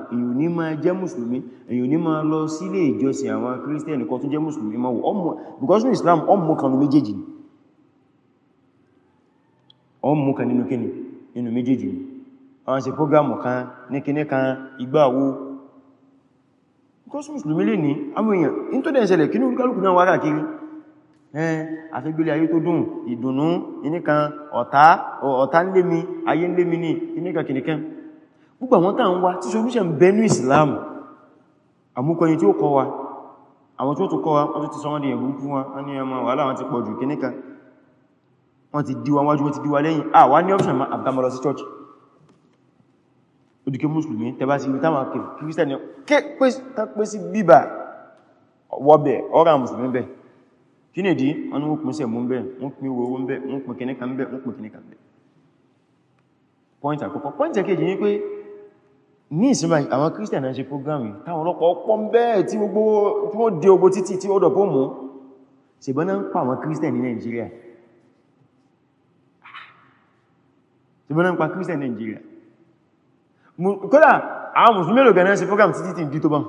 èyàn islam ọmọ kanu méjèèjì ọmọ kan nínú kíni nínú méjèèjì ni àwọn ṣe prógrámù kan ní kíní kan ìgbàwo kọ́sùn mùsùlùmí lè ní àwọn èèyàn in tó dẹ̀ ṣẹlẹ̀ kí ní olúkálùkù náà wárà kiri ẹn àfẹ́gbélé ayé tó dùn ìdùnnú ìníkan ọ̀tá ọ̀tá ń lé mi ayé ń lé mi ní ìníkan kìníkẹ́ gbogbo àwọn tàà ń wá tí solúṣẹ̀ ń bẹnú ìsìláàmù àmúkọyìn tí ó kọ wa àwọn tí ó tó kọ wa wọ́n tó ti sọ wọ́n di ẹ̀gbùn fún wa wọ́n ní ọmọ wàhálà wọn ti pọ̀ jù kìníkan wọ́n ti díwa wájú wọ́n ti díwa lẹ́yìn àwa ní option àbámọ́lọ church òdìké mùsùlùmí tẹbá sí ibi táwọn kèrè kírísítẹ̀ni pé sí bíbà wọ́bẹ̀ ọ́rà mùsùlùmí bẹ̀ kí ní ìdí wọn wọ́n pín sẹ̀mú bẹ̀ wọ́n pín owó bẹ̀ wọ́n pín kìníkà bẹ̀ wọ́n pín kìníkà bẹ̀ pọ́ìntì àkọ́kọ́ pọ́ìntì kejì ní pé ní ìsinmi àwọn kírísítẹ̀ni ṣe prógrámì táwọn ọlọ́pọ̀ pọ́ ń bẹ́ẹ̀ tí gbogbo tí wọ́n dé ogbó títí tí ó dọ̀pọ̀ mú ṣègbọ́n náà ń pa àwọn kírísítẹ̀ni ní Nàìjíríà ṣègbọ́n náà ń pa kírísítẹ̀ni ní Nàìjíríà kódà àwọn mùsùlùmí lò gẹ̀rẹ́ sí program títí tí dí tó bán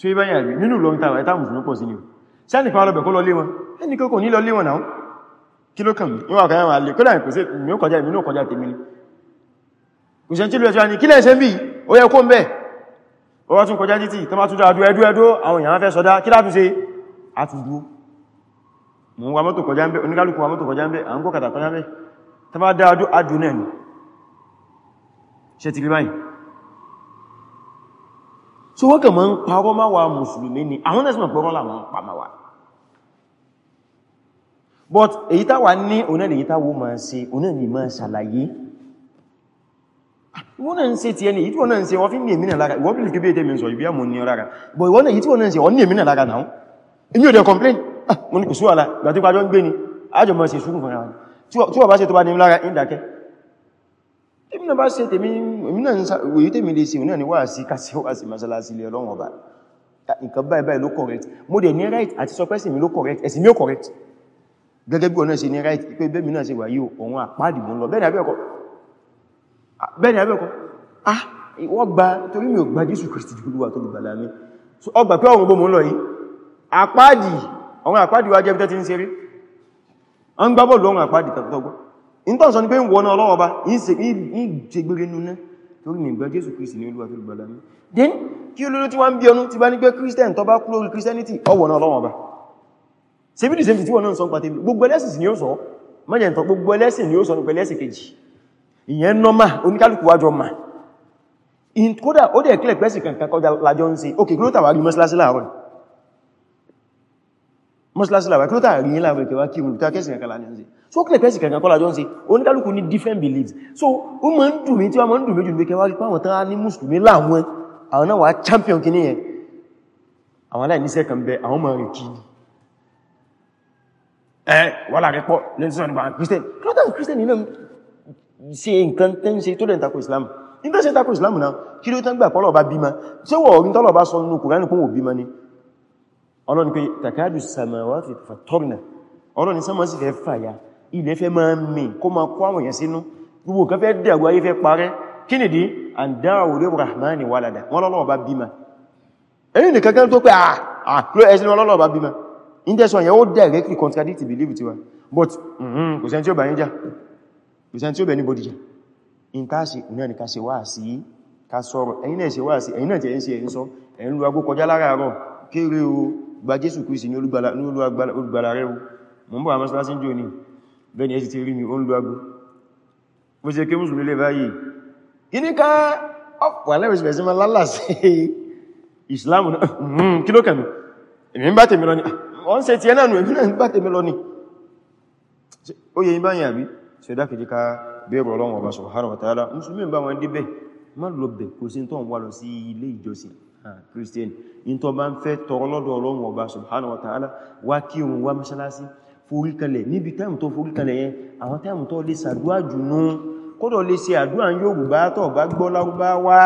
ṣe ibá yàrí nínú lọ́rin tàwà ẹta mùsùlùmí pọ̀ sí ni sáàni pa ọlọ́bẹ̀ kó lọ lé wọn ẹni kókò ní lọ lé wọn náà kí ló kàn níwà ni kùsẹ̀ tí lọ ní kí lẹ́ẹ̀ṣẹ́ bí ó yẹ kó ń bẹ̀ ó wá tún kọjá títì tó má tún dáadú ẹdú ẹdú àwọn èèyàn fẹ́ sọdá kí látún ṣe mo wa mọ́tò kọjá ń bẹ́ wa mọ́tò kọjá ń bẹ́ à ń gbọ́kàtà kọjá ń bẹ́ tó má dáadú adùn náà ṣe ti rí báyìí so wọ́n kàn máa ń parọ́ máa wà mùsùlùmí ni àwọn náà sì mọ̀ pọ́rọ́ làwọn pa máa wà but èyí táwà ní onáà lèyí táwò máa ṣe onáà lè máa ṣàlàyé wọ́n náà ń ṣe ti ẹni èyí tí wọ́n náà ń ṣe wọ́n fi ní èmì náà lára ìwọ́n bí lè bí èdè mi sọ ìbí àmú ní ọlára but ìwọ́n náà èyí tí wọ́n náà ń ṣe wọ́n ní èmì náà lára náà èmi ò dẹ̀ complain ah, mo ní kò sí wàhálà ìgbà tó pàjọ́ ń gbé ni àjọ máa ṣe sùúrù fún ara tí wọ́n bá ṣe tó bá ní lára ìdàkẹ́ èmi náà bá ṣe tèmi èmi náà wòye tèmi lè ṣe náà ni wà sí kásí wà sí masalasi lè ọlọ́run ọba nǹkan báyìí báyìí ló correct mo dẹ̀ ní right àti sọ pé mi ló correct ẹ̀sìn mi ò correct gẹ́gẹ́ bí ọ̀nà ṣe ní right pé bẹ́ẹ̀ mi náà ṣe wà yìí òun àpáàdì mú lọ bẹ́ẹ̀ni abẹ́ẹ̀kọ́ ah, ah ìwọ gba torí mi ò gba Jésù Kristi so ọgbà pé ọ̀run bó mú lọ yìí àpáàdì àwọn àpáàdì wá jẹ́ bí tẹ́ ti ìntàn sọ ní pé wọ́n ọlọ́wọ́ bá yí ṣe gbére núná torí mi gbà Jésù Kristi ní olúwa tó gbàlá mi den kí olóró tí wọ́n ń bí ọnú ti bá ní pé Christian tó bá kú lórí Christianity ọwọ̀n ọlọ́wọ́ bá ṣe bí dìsẹ́mì tí wọ́n náà ni ó sọ mọ́jẹ̀ tó ni ó sọ ní pẹ̀lẹ́sìn kejì ìyẹn nọ́mà oníkálùkù wájọ mà in kódà ó dẹ̀ kílẹ̀ pẹ́sì kankan kọjá lájọ ń ṣe òkè kílótà wà rí mọ́sílásí láàárọ̀ mọ́sílásí láàárọ̀ sókèlè pẹ́sì kankan kọ́lá jọ ń ṣe oníkálùkù ní different beliefs so ó ma ń dùn mí tí wọ́n ma ń dùn mí jù ní kẹwàá rí pàwọn tán ní mùsùlùmí láwọn àwọn náà wà champion kì ní yẹn àwọn aláìníṣẹ́ kan bẹ àwọn ma rìn kìí ẹ wà láàrẹ pọ̀ lẹ́sìn ọ̀nà christian clothan christian nínú ṣe nǹkan tẹ́ ń ṣe tó dẹ̀ ń tako islam ní tẹ́ ṣe tako islam náà kí ló tán gbà pọ́lọ̀ bá bímọ ṣé wọ̀ orin tọ́lọ̀ bá sọ nínú kùránì kún wò bímọ ni ọlọ́ni pé takadu samawati fatọ́rìnà ọlọ́ni sánmọ́ sí fẹ́ fàyà ilẹ̀ fẹ́ máa mì kó máa kó àwọn èèyàn sínú gbogbo kan fẹ́ dẹ̀rù ayé fẹ́ parẹ́ kí nìdí àdáwò lè rahmani walada wọ́n lọ́lọ́wọ́ bá bímá èyí nìkan kan tó pé àkúrò ah, ah, ẹ̀sìn wọ́n lọ́lọ́wọ́ bá bímá indeson yẹn ó directly contradict belief tiwa but mm-hmm, kò sẹ́ntí ó bá yín jà kò sẹ́ntí ó bẹ̀ níbodì jà in káàsì náà ni ká ṣe wá sí ká sọ̀rọ̀ ẹ̀yin náà ṣe wá sí ẹ̀yin náà tẹ̀yìn sí ẹ̀yin sọ ẹ̀yin lu agbó kọjá láràárọ̀ kéré o gba Jésù Kristi ní olùgbàlà rẹ̀ o mọ̀ mọ́ àmọ́sílásí jò ní bẹ́ni ẹ sì ti rí mi ó ń lo agbó bó ṣe kí mùsùlùmí lè báyìí kí ní ká ọ̀pọ̀ alẹ́rìsìmẹ̀ sí ma lálà sí ìsìláàmù náà kí ló kẹ̀mí èmi ń bá tèmi lọ ní wọ́n ṣe ti ẹnànù èmi náà ń bá tèmi lọ ní ó yẹ ibáyìn àbí ṣe dákìdí ká bẹ̀rù ọlọ́run ọba subhanahu wa ta'ala mùsùlùmí ń bá wọn dé bẹ́ẹ̀ má lọ bẹ̀ kò sí foríkalẹ̀ níbi táìmù tó foríkalẹ̀ yẹn àwọn táìmù tó lè sàdúwà jù nú kódọ̀ lè ṣe àdúwà yóò bá tọ̀ bá gbọ́ Lárúbáwá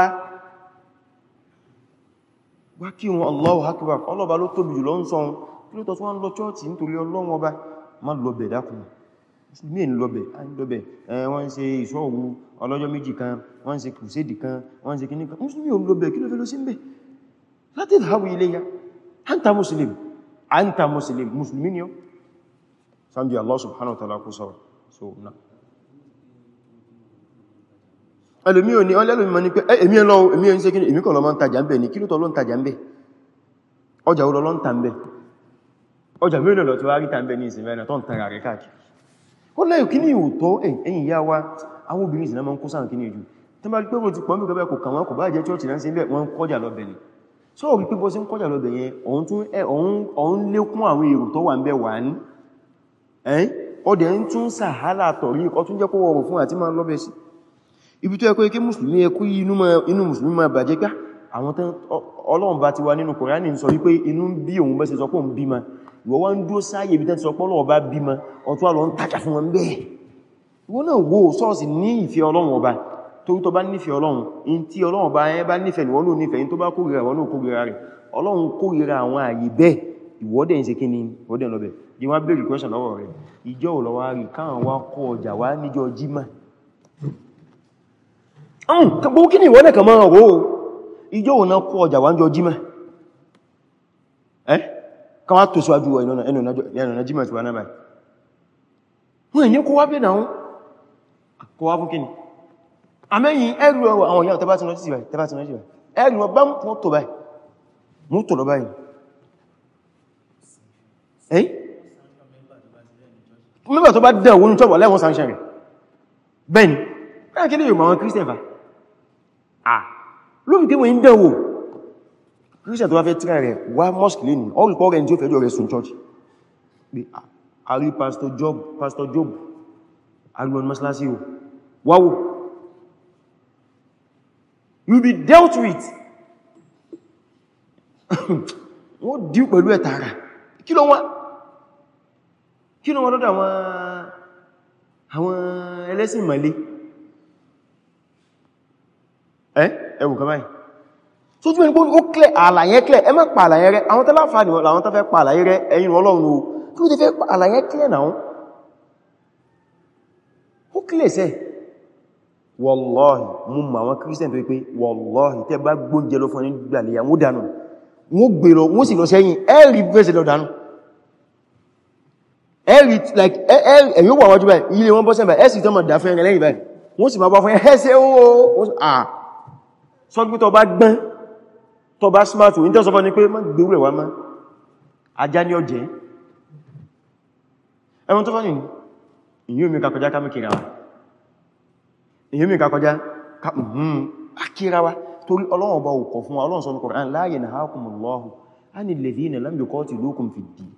wá kí wọn Allahu Akbar ọlọ́ba ló tóbi jù lọ ń sọun kí ló tọ́ tí wọ́n lọ chọ́ọ̀tì nítorí Ọlọ́run ọba má lọbẹ̀ dákùn mí ń lọbẹ̀ àìdọbẹ̀ anta muslim anta muslim mùsùlùmí ni ọ́ sáàbí Allah subhanahu wa ta'ala kú sọ́rọ̀ so na ẹlòmí ò ní ọlẹ́lòmí ma ní pé èmi ẹlọ èmi ẹ̀ ń ṣe kí ní èmi kọ̀ lọ máa ń tajà ń bẹ̀ ní kí ló tọ́ ló ń tajà ń bẹ̀ ọjà ó lọ lọ ń ta ń bẹ̀ ọjà mélòó lọ tí wá rí ta ń bẹ̀ ní ìsinmi ẹ̀nà tó ń tara rẹ̀ káàkiri ó ní ẹ́yìn ọdẹ̀ ń tún sàhálà tọ̀rí ikọ̀ tún jẹ́ kó wọ̀rọ̀ fún àti máa lọ́bẹ̀ sí ibi tó ẹkọ́ ikú musulmi ẹkú inú musulmi ma bàjẹ́ pé ah, àwọn tán Ọlọ́run bá ti wà nínú Kùránì sọ wípé inú bí òun bẹ́sẹ̀ sọpọ̀ ń bí ma ìwọ wá ń dúró sáyé ibi tẹ́tí sọpọ̀ lọ́wọ́ bá bí ma ọ̀tún àlọ́ ń tàjà fún wọn bẹ́ẹ̀ ìwọ náà wo sọ́ọ̀sì ní ìfẹ́ Ọlọ́run ọba torí ni wọ́n ló nífẹ̀ẹ́ in tó bá kórìíra ìwọ́dẹ̀ ń ṣe kí ni ìwọ́dẹ̀ ń lọ́bẹ̀ jí wọ́n bèèrè question lọ́wọ́ rẹ̀ ìjọ òlọ́wà rí káwọn wá kó ọjà wá níjọ jímà ọ̀hún gbogbo kí ni ìwọ́dẹ̀ kan máa rò ìjọ òun kó ọjà wá níjọ jímà ẹ́ kan wá tó síwájú ẹnu jímà tí wá náà báyìí wọ́n ìní kó wá bẹ̀ náà kó wá ni àmẹ́yìn ẹrù àwọn ìyá tẹbátí lọ lọ báyìí Eh? mẹ́bà tó bá dẹ̀ owó ní tọ́bọ̀ lẹ́wọ̀n sanṣẹ́ rẹ̀ bẹ́ẹ̀ni bẹ́ẹ̀ kí ní yóò máa kírísítẹ̀ fà ah lórí kí wọ́n ń dẹ̀ owó kírísítẹ̀ tó wá fẹ́ tíra rẹ̀ wá mosque lè ní ọ̀rìpọ̀ rẹ̀ tí ó fẹ́jọ́ rẹ̀ sùn church àrí pastor job pastor job àríwọn masalasi o wáwò you be with wọ́n díù pẹ̀lú ẹ̀ tààrà kí kí ní wọ́n lọ́dọ̀ àwọn ẹlẹ́sìn mọ̀lé ẹ́ ẹwù kan báyìí tó túnmọ̀ nípo ó klẹ̀ àlàyé klẹ̀ ẹ má pa àlàyé rẹ àwọn tẹ́láfà ní àwọn tẹ́fẹ́ pa àlàyé rẹ ẹ̀yìn ọlọ́run o kí ó tẹ́fẹ́ pa àlàyé klẹ̀ náà ó klẹ̀ sẹ́ wallahi mú ma wọn kírísítẹ̀n tó wípé wallahi tẹ́ bá gbóúnjẹ lọ fún ẹni gbàlẹ̀ àwọn dànù wọ́n gbèrò wọ́n sì lọ sẹ́yìn ẹ́ẹ̀rí bẹ́sẹ̀ lọ dànù ẹ̀rí like ẹ̀yọ́ e, e, e, wà wájú báyìí ilé wọn bọ́sẹ̀ báyìí ẹ̀sì tán mọ̀ dáfẹ́ rẹ̀ lẹ́yìn báyìí wọ́n sì máa bá fún ẹ̀ẹ́sẹ̀ oó àà sọ́gbí tó bá gbọ́n tó bá smart wọ́n tẹ́ sọ fún ní pé má gbèrú ẹ̀wà má ajá ní ọjẹ́ ẹ̀wọ̀n tó fọ́nì ìyí omi kakọjá ká mẹ́kìrawa ìyí omi kakọjá akírawa mm-hmm, torí ọlọ́run bá òkọ̀ fún wa ọlọ́run sọ ní Kùránì la yanhakumullahu anil ladhina lam yuqatilukum fid din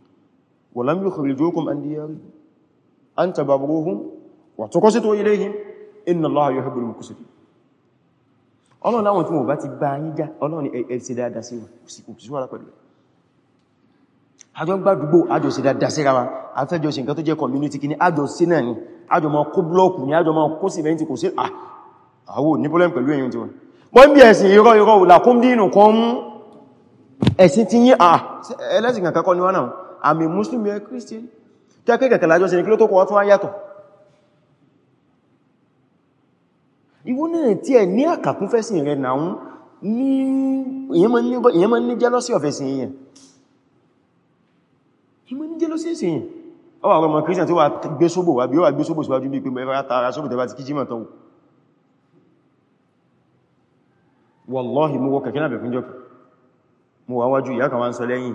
ولم يخرجوكم عن ديارهم أن تبروهم وتقسطوا إليهم إن الله يحب المقسطين ọlọ́run láwọn tí wọ́n bá ti bá yí já ọlọ́run ẹ̀ẹ̀sẹ̀ dáadáa sí wọn sí wọ́n pẹ̀lú àjọ gbádùgbò àjọ sí dáadáa síra wa afẹ́jọ sí nǹkan tó jẹ́ community kí ní àjọ sí náà ni àjọ ma kó blọ́ọ̀kù ní àjọ ma kó sìmẹ́ntì kò wọ́n wọ́n I'm a Muslim, you're a Christian tẹ́kẹ́ kẹ̀kẹ́ lájọ́ sí ní kí ló tó kọ́ tún ayàtọ̀ ìwọ náà tí ẹ ní àkàkún fẹ́sìn rẹ̀ náà ní ìyẹn ma ní jẹ́lọ́sí ọ̀fẹ́sìn èèyàn ìyẹn ma ní jẹ́lọ́sí èèyàn ọwà ọmọ Christian tí wà gbé sóbò wà bí ó wà gbé sóbò síwájú bí pín mẹ́rẹ́ tààrà sóbò tẹ́bá ti kíjímọ̀ tọ́wọ́ wallahi mo wọ kẹ̀kẹ́ náà bẹ̀kúnjọ́ mo wà wájú ìyá kan wá ń sọ lẹ́yìn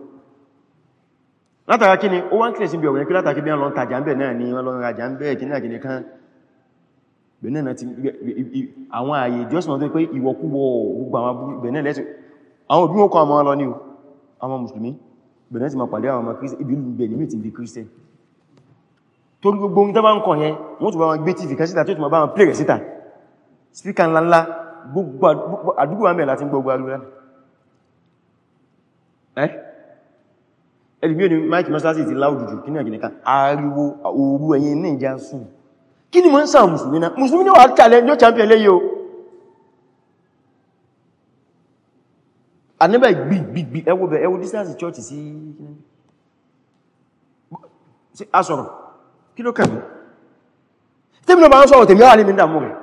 látara kí ni ó wá ń kílẹ̀ sí ibi ọ̀rẹ́ kí látara kí bí wọ́n lọ ń tajà ń bẹ̀ náà ni wọ́n lọ ń rajà ń bẹ̀ kí náà kìí kan bẹ̀nẹ̀ náà ti àwọn ààyè ìjọsìn ọdún pé ìwọ̀kúwọ̀ gbogbo àwọn bẹ̀nẹ̀ lẹ́sìn àwọn òbí wọn kọ àwọn lọ ma pàdé àwọn ọmọ kírísẹ̀ ibi bẹ̀rẹ̀ mi ti di kírísẹ̀ torí gbogbo ohun tó bá ń kọ yẹn wọ́n tún bá wọn gbé ẹlùmí òní mike mastercity ti láwùjù jù kí ní àgìnìká ariwo ooru ẹ̀yìn ní ìjà sùn kí ni wọ́n ń sàn mùsùlùmí náà mùsùlùmí ní wà kàlẹ̀ ní champion lẹ́yẹ o àníbà gbìgbìgbì ẹwọ́ bẹ̀ ẹwọ́ distance church sí asọ̀rọ̀ kí ló kẹ̀mí tẹ́mi náà bá ń sọ̀rọ̀ tèmi wà ní mi dàmú rẹ̀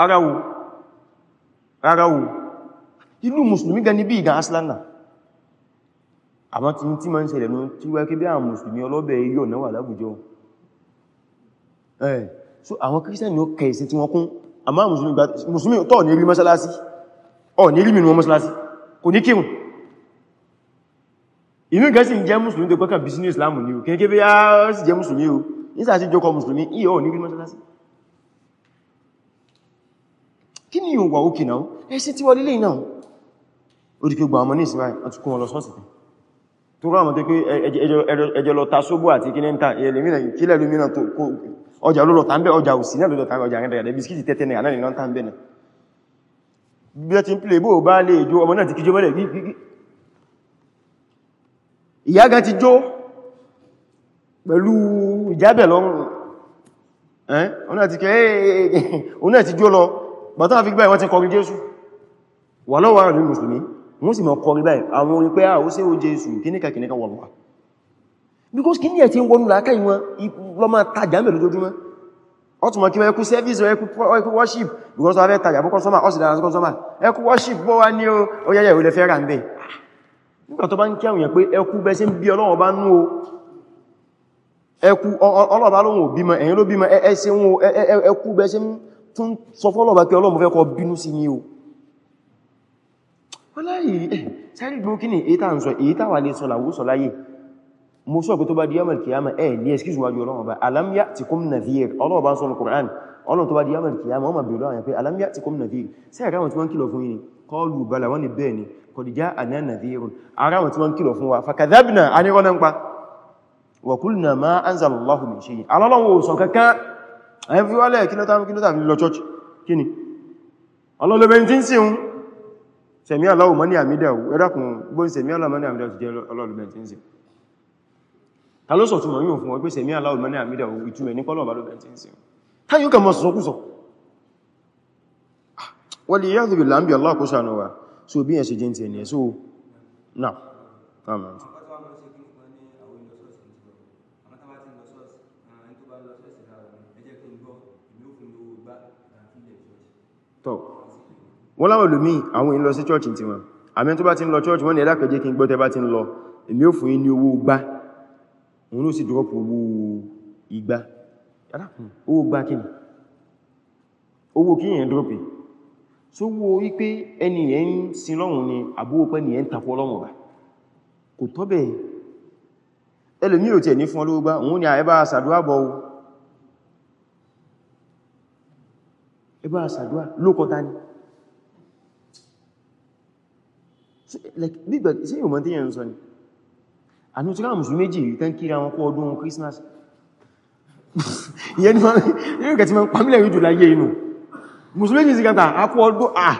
ara wo ara wo inú mùsùlùmí gan ní bí ìgà aslan náà àmọ́ tí tí ma ń ṣẹlẹ̀ ní tí wá kí bí àwọn mùsùlùmí ọlọ́bẹ̀ yíò náà wà ẹ̀ so àwọn kírísítẹ̀nì ó kẹ ìsìn tí wọ́n kún àmọ́ mùsùlùmí tọ́ ní rí mọ́sálásí ọ ní rí mìíràn mọ́sálásí kò ní kírùn inú gẹ́sì jẹ́ mùsùlùmí tó pẹ́kàn bísí ní islam ní o kí kí bí á sì jẹ́ mùsùlùmí o ní sàá sí jókọ mùsùlùmí ìyẹ́ ò ní rí mọ́sálásí tó rá mọ̀ tó pé ẹjọ lọ ta sóbò àti kí nẹ́ta kílẹ̀ lómìnà tó ọjà lọ́lọ́ tàbí ọjà òsì náà lọ́lọ́ tàbí ọjà rẹ̀ bisikíti tẹ́tẹ́ náà ní lọ́n tàbí náà bí ẹ ti ń pìlẹ̀ bó bá lè jó ọmọ náà ti kíjọ mẹ́lẹ̀ gígí ìyá gan ti jó pẹ̀lú ìjábẹ̀ lọ́rùn ẹ́ eh, eh, eh, òun náà ti jó lọ wọ́n sì mọ̀ kọrí báyìí àwọn orin àwọn sí oje èsù kìníkà kìníkà wà because kí ní ẹ̀ tí ń wọnú láàkà ìwọ̀n lọ máa tajà mẹ́lú lójúmọ́ ọtùmọ̀ kí wọ́n ẹkú service ẹkú worship because wọ́n fẹ́ tajà fún customer ọ̀sì dára sí customer wọ́láyìí eh, sáré gbogbo kí ni èyíta ń sọ èyíta wà lè sọ làwúsọ láyé mo sọ pé tó bá di yamal kìyàmà ẹ̀ ní ẹ̀skìsù wájú ọlọ́run bá alam ya'tikum nadhir ọlọ́run bá ń sọ ní Qur'an ọlọ́run tó bá di yamal kìyàmà wọ́n ma bèèrè àwọn pé alam ya'tikum nadhir sí ara wọn tí wọ́n kìlọ̀ fún yìí qalu bala wọ́n ni bẹ́ẹ̀ ni qad ja'ana nadhirun ara wọn tí wọ́n kìlọ̀ fún wa ń sọ kankan ẹ̀fíwọ́lẹ̀ sẹ̀mí aláwò mọ́ ní àmìdá ẹ̀dàkùn gbọ́n sẹ̀mí aláwò mọ́ ní àmìdá ti jẹ́ ọlọ́lùmẹ̀ tí ń ṣe ta ló sọ̀tún mọ̀ yíò fún ọgbé sẹ̀mí aláwò mọ́ ní àmìdá ìtumẹ̀ ní kọ́lọ̀ ọlọ́lùmẹ̀ tí ń ṣe ta yíò kàn mọ́ wọ́n láwọn olùmí àwọn ìlọ sí church tí wọn àmì tó bá ti ń lọ church wọ́n ní ẹ̀dá pẹ̀jẹ́ kí n gbọ́tẹ́ bá ti ń lọ èmi ò fún yín ní owó gbá òun ló sì dúrọ́pù owó igbá owó gbá kí ni owó kí yẹn dúrọ́pù e? so wo wípé ẹni yẹn ń sin lọ́run ni àbúwò pẹ́ nìyẹn tako ọlọ́run ọ̀bà kò tọ́ bẹ́ẹ̀ ẹlòmí ò tiẹ̀ ní fún ọlọ́wọ́ gbá òun ni àẹ́bá àsàdúrà bọ̀ o ẹbá àsàdúrà lókọta ni sí ìwọ̀n tí yẹn ń sọ ni àní tí káà mùsùlùmí méjì rí tán kíra wọn kó ọdún Christmas ìyẹn ni kẹtí mọ́ pàmílẹ̀ rí jùlá yé inú mùsùlùmí méjì sí kàtà akó ọdún àà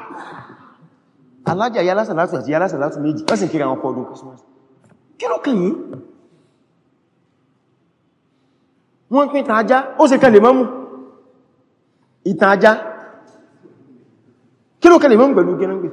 alájà yálásàlátù àti yálásàlátù méjì wọ́n sì kíra wọn kó ọdún Christmas kí ló kàn yìí wọ́n pín tàájá ó sì kẹlẹ̀ mọ́mú ìtàájá kí ló kẹlẹ̀ mọ́mú pẹ̀lú gẹ́nàgbẹ̀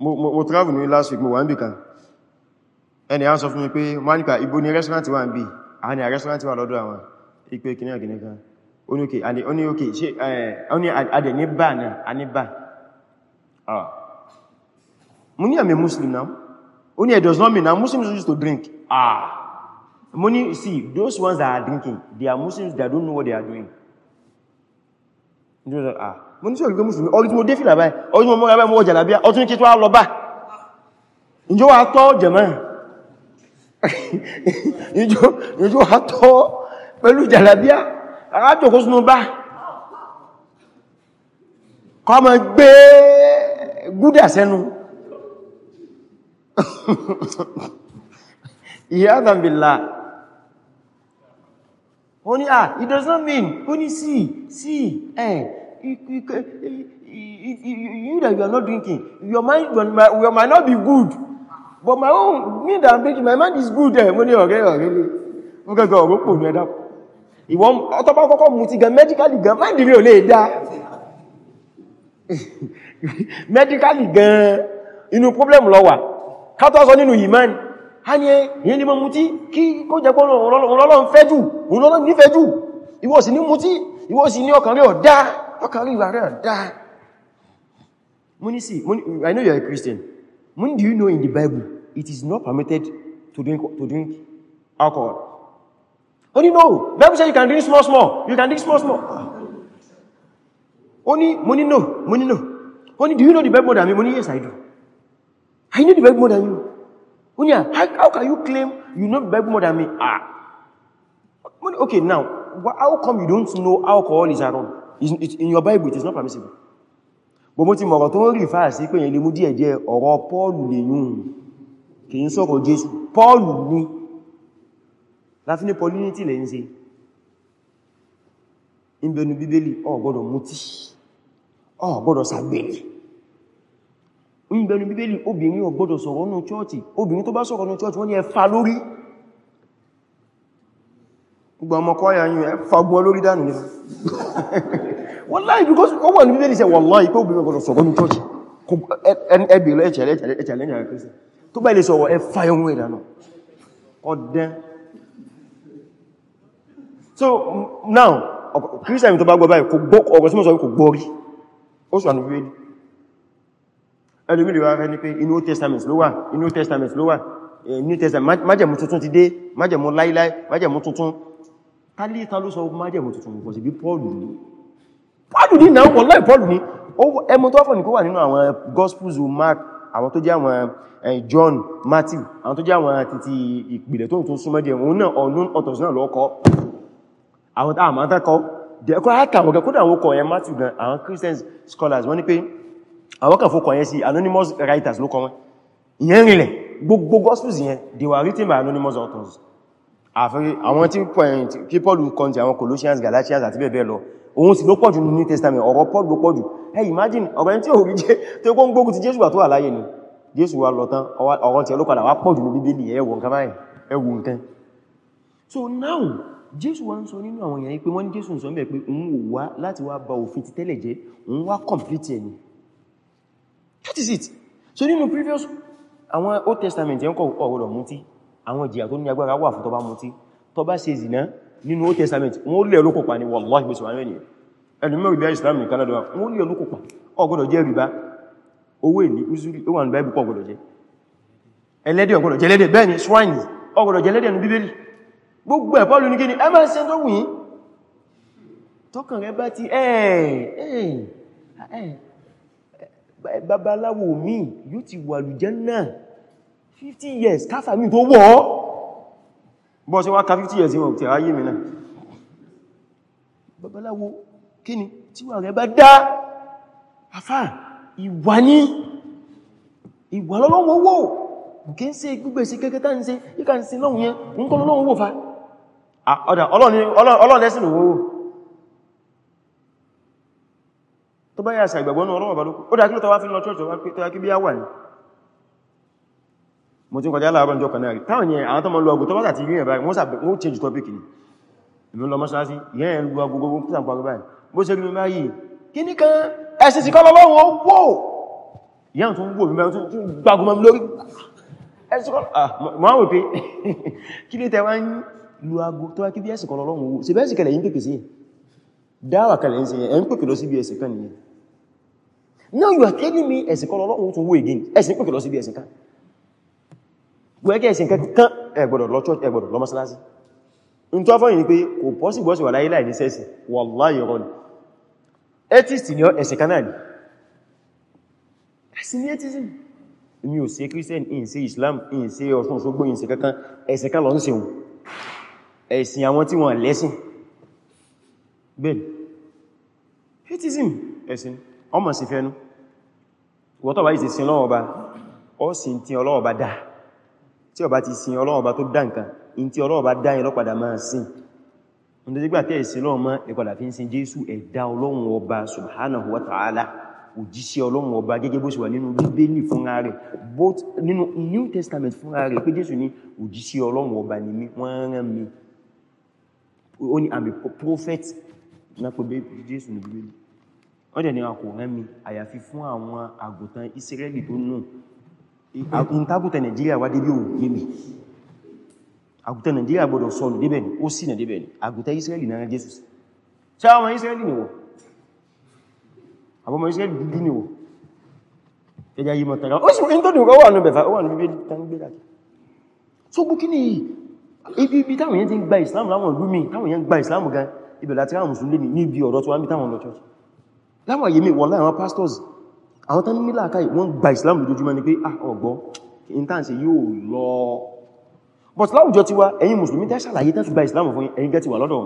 mo travel ní last week mo wà ń bì kan ẹni a sọ fún mi pé monica ah, ibo ni restaurant wà ń bì a ní a ah, restaurant wà lọ́dọ̀ àwọn ipe kìnnì àgìnnì kan oníkè oní òkè ṣe oní adẹ̀ ní bà náà a ní bà mo ní àmì muslim now ó ní it does not mean now muslims used to drink ah mo ní see those ones that are drinking they are muslims that don't know what they are doing Ah. mo ní sí olùgbé mùsùlùmí ọdún tí mo dé fìlà báyìí ọdún tí mo mọ́ra báyìí mo wọ́jà làbíyà ọdún kí tó wá lọ bá ìjọ wà tọ́ jẹ̀mọ́ ìjọ wà tọ́ pẹ̀lú jàlàbíyà arájòkó sínú bá kọmọ gbé gúdà sẹ́nu iyadan billah ó ní à ah, it does not mean ó ní sí sí you, that you are not drinking, your mind your might not be good. But my own, me that I'm drinking, my mind is good. There, eh, money okay, okay. lè. Mo gẹ́gẹ́ ọ̀rọ̀ pò ní ẹ̀dá. Ìwọ́n ọtọ́pá kọ́kọ́ mú ti gan medically gan mind rí ò lè dá. Medically gan inú problem lọ wà. Kátọ́ sọ nínú ìmán. A ní ẹ̀yẹ́ ni mo mú tí kí kó jẹ́ pọ́ òun lọ́lọ́ ń fẹ́ jù, òun sì ní mú tí, ìwọ sì ní ọkàn rẹ̀ ọ̀dá. how can you around that? Muni, see, I know you're a Christian. When do you know in the Bible it is not permitted to drink, to drink alcohol? know, no. Bible says you can drink small, small. You can drink small, small. Only, money no, money no. Only do you know the Bible more than me? Money, yes, I do. I know the Bible more than you. Only, how, how can you claim you know the Bible more than me? Ah. Money, okay, now, how come you don't know alcohol is around? in your Bible it is not permissible bó mo ti mọ̀rọ̀ tó ń rí fáà sí pé yẹn lè mú Paul, díẹ̀ ọ̀rọ̀ Pọ́ọ̀lù lè yún kì í Paul, Jésù Pọ́ọ̀lù ní Paul, ní Paulinity lè ń ṣe ìbẹnu Bíbélì ò gbọ́dọ̀ mutí ò gbọ́dọ̀ ṣàgbèrè ìbẹnu Bíbélì obìnrin ò gbọ́dọ̀ sọ̀rọ̀ nù chọ́ọ̀tì obìnrin tó bá sọ̀rọ̀ nù chọ́ọ̀tì wọ́n ní ẹ fà lórí gbogbo ọmọ kọ́yà yìí ẹ fagbọ́ lórí dánù ní wallahi because ó wà ní bíbélì sẹ wallahi pé obìnrin ọgọ́dọ̀ sọ̀rọ̀ ní church ẹbí lọ ẹ̀chẹ̀ lẹ́yìn àrẹ kìrìsì tó bá ilé sọ̀rọ̀ ẹ fire ohun ìdánù ọdẹ́ so now kìrìsìtàn tó bá gbọ́ báyìí ọgọ́ símọ̀ sọ kò gbọ́rí ó sọ ànúbí ẹlòmí lè wá rẹ ní pé inú Old Testament ló wà inú Old Testament ló wà New Testament májẹ̀mú tuntun ti dé májẹ̀mú láíláí májẹ̀mú tuntun tálé ta ló sọ ogun májẹ̀mù tuntun mú fọ́sí bí pọ́ọ̀lù ní pọ́ọ̀lù ní náà wọ́n láì pọ́ọ̀lù ní ẹmọ tó fọ́nì kó wà nínú àwọn gospels mark àwọn tó jẹ́ àwọn eh, john matthew àwọn tó jẹ́ àwọn títí ìpìlẹ̀ tó ń tún súnmọ́ díẹ̀ òun náà ọ̀nà ọ̀tọ̀sí náà lọ́kọ́ àwọn tá àmà tẹ́kọ́ dẹ̀kọ́ àtàwọn gan kódà àwọn kọ̀ yẹn matthew gan àwọn christian scholars wọ́n ní pé àwọn kan fókọ̀ yẹn sí anonymous writers ló kọ wọn ìyẹn rìnlẹ̀ gbogbo àwọn tí kí paul kọ́n ti àwọn colossians galatians àti bẹ́ẹ̀ bẹ́ẹ̀ lọ òun sì ló pọ̀jù ní new testament ọ̀rọ̀ paul ló pọ̀jù Hey, imagine ọ̀rọ̀ ẹni tí ò rí jẹ́ tó kó ń gbógun ti jésù wà tó wà láyé ni jésù wà lọ tán ọ̀rọ̀ tí ọlọ́kọ̀dà wà pọ̀jù ní bíbélì ẹwọ nǹkan báyìí ẹwù so now jésù wá ń sọ nínú àwọn èèyàn pé wọ́n ní jésù ń sọ mẹ́ pé òun ò wá láti wá ba òfin ti complete that is it so nínú previous àwọn old testament yẹn kọ̀ ọ̀rọ̀ mú tí àwọn ìjìyà tó ní agbára wà fún tó bá mutí tó bá ṣe zìná nínú old testament wọ́n lè olókò pa ní wallahi bó sì wà mẹ́rin ẹlùmọ́ ìbí islam uzuri ó wà ní bible ọgbọ́dọ̀ jẹ́ ẹlẹ́dẹ̀ ọgbọ́dọ̀ jẹ́ ẹlẹ́dẹ̀ bẹ́ẹ̀ ni swine ọgbọ́dọ̀ jẹ́ ni ẹ máa ṣe tó wù yín tọkàn rẹ bá ti ẹ̀ babaláwo mi yóò ti wà lùjẹ́ náà 50 years káfà mi tó wọ́ bọ́ sí wá ká 50 years ìwọ̀n tí a yé mi náà babaláwo kí ni tí wà rẹ bá dá afá ìwà ní ìwà lọ́lọ́wọ́ wò kí ń ṣe gbígbé sí kẹ́kẹ́ tá ń ṣe yíká ń ṣe lọ́hun yẹn ń kọ́ lọ́hun wò fa ọ̀dà ọlọ́lẹ́sìn òwò tó bá yà sí àgbàgbọ́nù ọlọ́wọ̀ bá lókù ó dá kí ló tọwá fi lọ church tó wá kí bí á wà ní mo ti ń kọjá láàárọ̀ ìjọ kanáà rí táwọn yẹn àwọn tó mọ́ lọ ọgbọ̀ tó bá tàti yíyàn báyìí wọ́n sàbẹ̀ wọ́n change topic ni ìmú lọ mọ́sánásí yẹn lọ agogo púpọ̀ pàrọ báyìí bó ṣe rí báyìí kí ní kan ẹ̀sìn sí kọ́lọ́wọ́ wó yẹn tún wò mímẹ́ tún gbagumọ́ lórí ẹ̀sìn kọ́lọ́wọ́ wó ẹ̀sìn kọ́lọ́wọ́ wẹ́kẹ́ ìsìn kankan ẹgbọ̀dọ̀ lọ lọ mọ́sálásí in tó fọ́yìn pé kò pọ́sìbọ́ sí wà láyé láì ní sẹ́sì ni atheist ni ọ ẹ̀sẹ̀ ni ẹ̀sìn ni atheism mi ò in islam in ṣe ọ̀ṣun òṣogbo in ṣe kankan ẹ̀sẹ̀ kan lọ ń wọn tí ó bá ti sin Ọlọ́run Ọba tó dá nǹkan in tí Ọlọ́run Ọba dá yẹn lọ́padà máa sin ń tó dígbà tẹ́ẹ̀ sí lọ́wọ́ mọ́ ẹ̀padà fi ń sin Jésù ẹ̀dá Ọlọ́run Ọba subhanahu wa ta'ala òjíṣẹ́ Ọlọ́run Ọba gẹ́gẹ́ bó ṣe wà nínú Bíbélì fúnra rẹ̀ both nínú New Testament fúnra rẹ̀ pé Jésù ní òjíṣẹ́ Ọlọ́run Ọba ni mí wọ́n rán mi ó ní àmì prophet náà pé Jésù ní Bíbélì wọ́n dẹ̀ ní a kò rán mi àyàfi fún àwọn àgùntàn Ísírẹ́lì tó náà àgùntàgùntà Nàìjíríà wá débí ò yémi àgùntà Nàìjíríà gbọdọ̀ sọ̀nù débẹ̀ ni ó sì nà débẹ̀ ni àgùntà Israeli náà Jésù sáwọn Israeli ni wọ́n àbọ̀mọ̀ Israeli dúdú ni wọ́n ẹja yìí mọ̀tàrà ó sì ń tó dùn wà ní bẹ̀fà wà ní bíbí tàbígbèrà tó gbú kí ní ibi ibi táwọn yẹn ti ń gba Islam láwọn ìlú mi táwọn yẹn gba Islam gan ibẹ̀ láti ráwọn Mùsùlùmí ní ibi ọ̀dọ́ tó wá ń bí táwọn lọ church láwọn yẹmí wọ́n láwọn pastors àwọn tán ní mílà káì wọ́n gba islam lójoojúmọ́ ni pé ah ọgbọ́ intanse yóò lọ but láwùjọ tiwa ẹ̀yin musulmi tẹ́ ṣàlàyé tẹ́ ṣùgbà islam fún ẹ̀yin gẹ́ ti wà lọ́dọ̀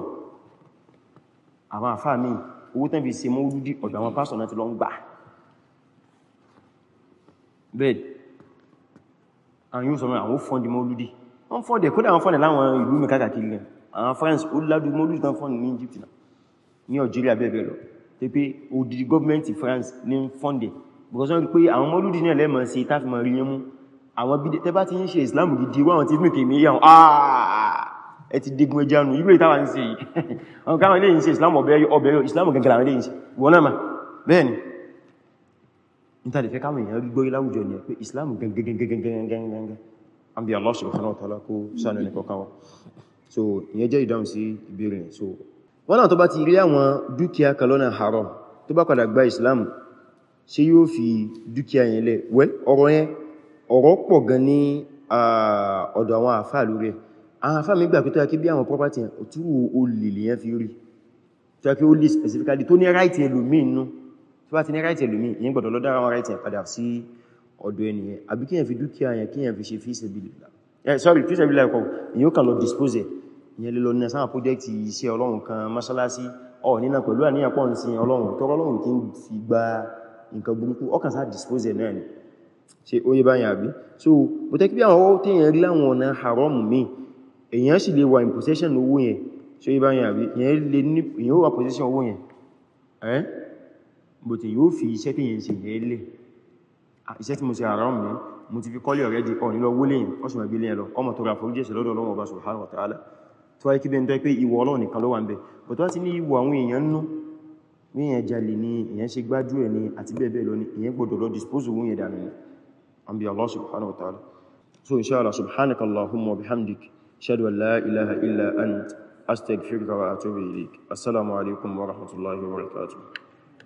àwọn àfáà mi owó tẹ́ fi ṣe mọ́ olúdí ọ̀dọ̀ àwọn pásọ̀ náà ti lọ ń gbà bẹ́ẹ̀ àwọn yóò sọ mọ́ àwọn fọ́ndì mọ́ olúdí wọ́n fọ́ndì kódà àwọn fọ́ndì láwọn ìlú mi káàkiri rẹ̀ àwọn france ó ládú mọ́ olúdí tán fọ́ndì ní Egypt ní Algeria bẹ́ẹ̀ bẹ́ẹ̀ lọ pé odidi gọ́ọ̀mẹ́ntì France ní fọ́ndì because wọ́n rí pé àwọn mọ́lúdì náà lẹ́mọ̀ sí táfi mọ̀ rí mú àwọn bí tẹ́bá ti ń ṣe islam gidi wọ́n ti mìkì mí yàn ẹ ti digun ẹjánu ìgbé ìtawà ń ṣe àwọn káwọn ilé ìṣe islam ọbẹ̀yọ islam gẹ̀gẹ̀rẹ̀ àwọn ilé ìṣe wọ́n náà bẹ́ẹ̀ni níta lè fẹ́ káwọn èèyàn gbọ́ láwùjọ ni pé islam gẹ̀gẹ̀gẹ̀gẹ̀gẹ̀gẹ̀gẹ̀ àbí Allah subhanahu wa ta'ala kó sánú ní kọ̀ọ̀kan wa so ìyẹn jẹ́ ìdáhùn sí ìbéèrè so wọ́n náà tó bá ti rí àwọn dúkìá kalọ́nà haram tó bá padà gba islam ṣé yóò fi dúkìá yẹn lẹ̀ well ọ̀rọ̀ yẹn ọ̀rọ̀ pọ̀ gan ní ọ̀dọ̀ àwọn àfà lórí ẹ̀ àwọn àfà mi gbà pé tó yá kí bí àwọn property yẹn òtúrù olè lèyàn fi rí tó yá kí ó lè specifically tó ní right ẹlòmíì nú tó bá ti ní right ẹlòmíì yẹn gbọ́dọ̀ lọ́dọ̀ àwọn right yẹn padà sí ọ̀dọ̀ ẹnìyẹn àbí kíyàn fi dúkìá yẹn kíyàn fi ṣe fi ṣe bílì sorry fi ṣe bílì ẹ̀kọ́ ìyẹn ó kàn lọ dispose ẹ̀ ìyẹn lè lọ ní sáwọn project iṣẹ́ ọlọ́run kan mọ́ṣáláṣí ọ̀ nínà pẹ̀lú àníyàn pọ̀ ń sin ọlọ́run tọ́rọ ọlọ́run kí ń fi gba nǹkan burúkú ọkàn sáà dispose ẹ̀ náà ni ṣe ó báyìí àbí so bó tẹ́ kí bí àwọn ọwọ́ tí èyàn rí láwọn ọ̀nà haram mi èyàn sì lè wà in possession owó yẹn ṣe ó yé báyìí àbí èyàn wà possession owó yẹn ẹ́ bó tẹ́ yóò fi iṣẹ́ tí èyàn ṣe yẹn lè iṣẹ́ tí mo ṣe haram mi mo ti fi kọ́lé ọ̀rẹ́ di ọ̀nà owó lẹ́yìn ọ̀ṣùn ẹgbẹ́ lẹ́yìn lọ ọmọ tó ra forí jẹ́ lọ́dọ̀ Ọlọ́run Ọba subhanahu wa ta'ala tó wáyé kí bẹ́ẹ̀ ń tọ́ pé ìwọ Ọlọ́run nìkan ló wà ń bẹ̀ bọ̀ tó wá sí ní ìwọ àwọn èèyàn nú bí yẹn jalè ní ìyẹn ṣe gbájú ẹ̀ ní àti bẹ́ẹ̀bẹ́ẹ̀ lọ ní ìyẹn gbọdọ̀ lọ dispose owó yẹn dànù an bí Allah subhanahu wa ta'ala so inshallah subhanaka Allahumma wa bihamdik shadu an la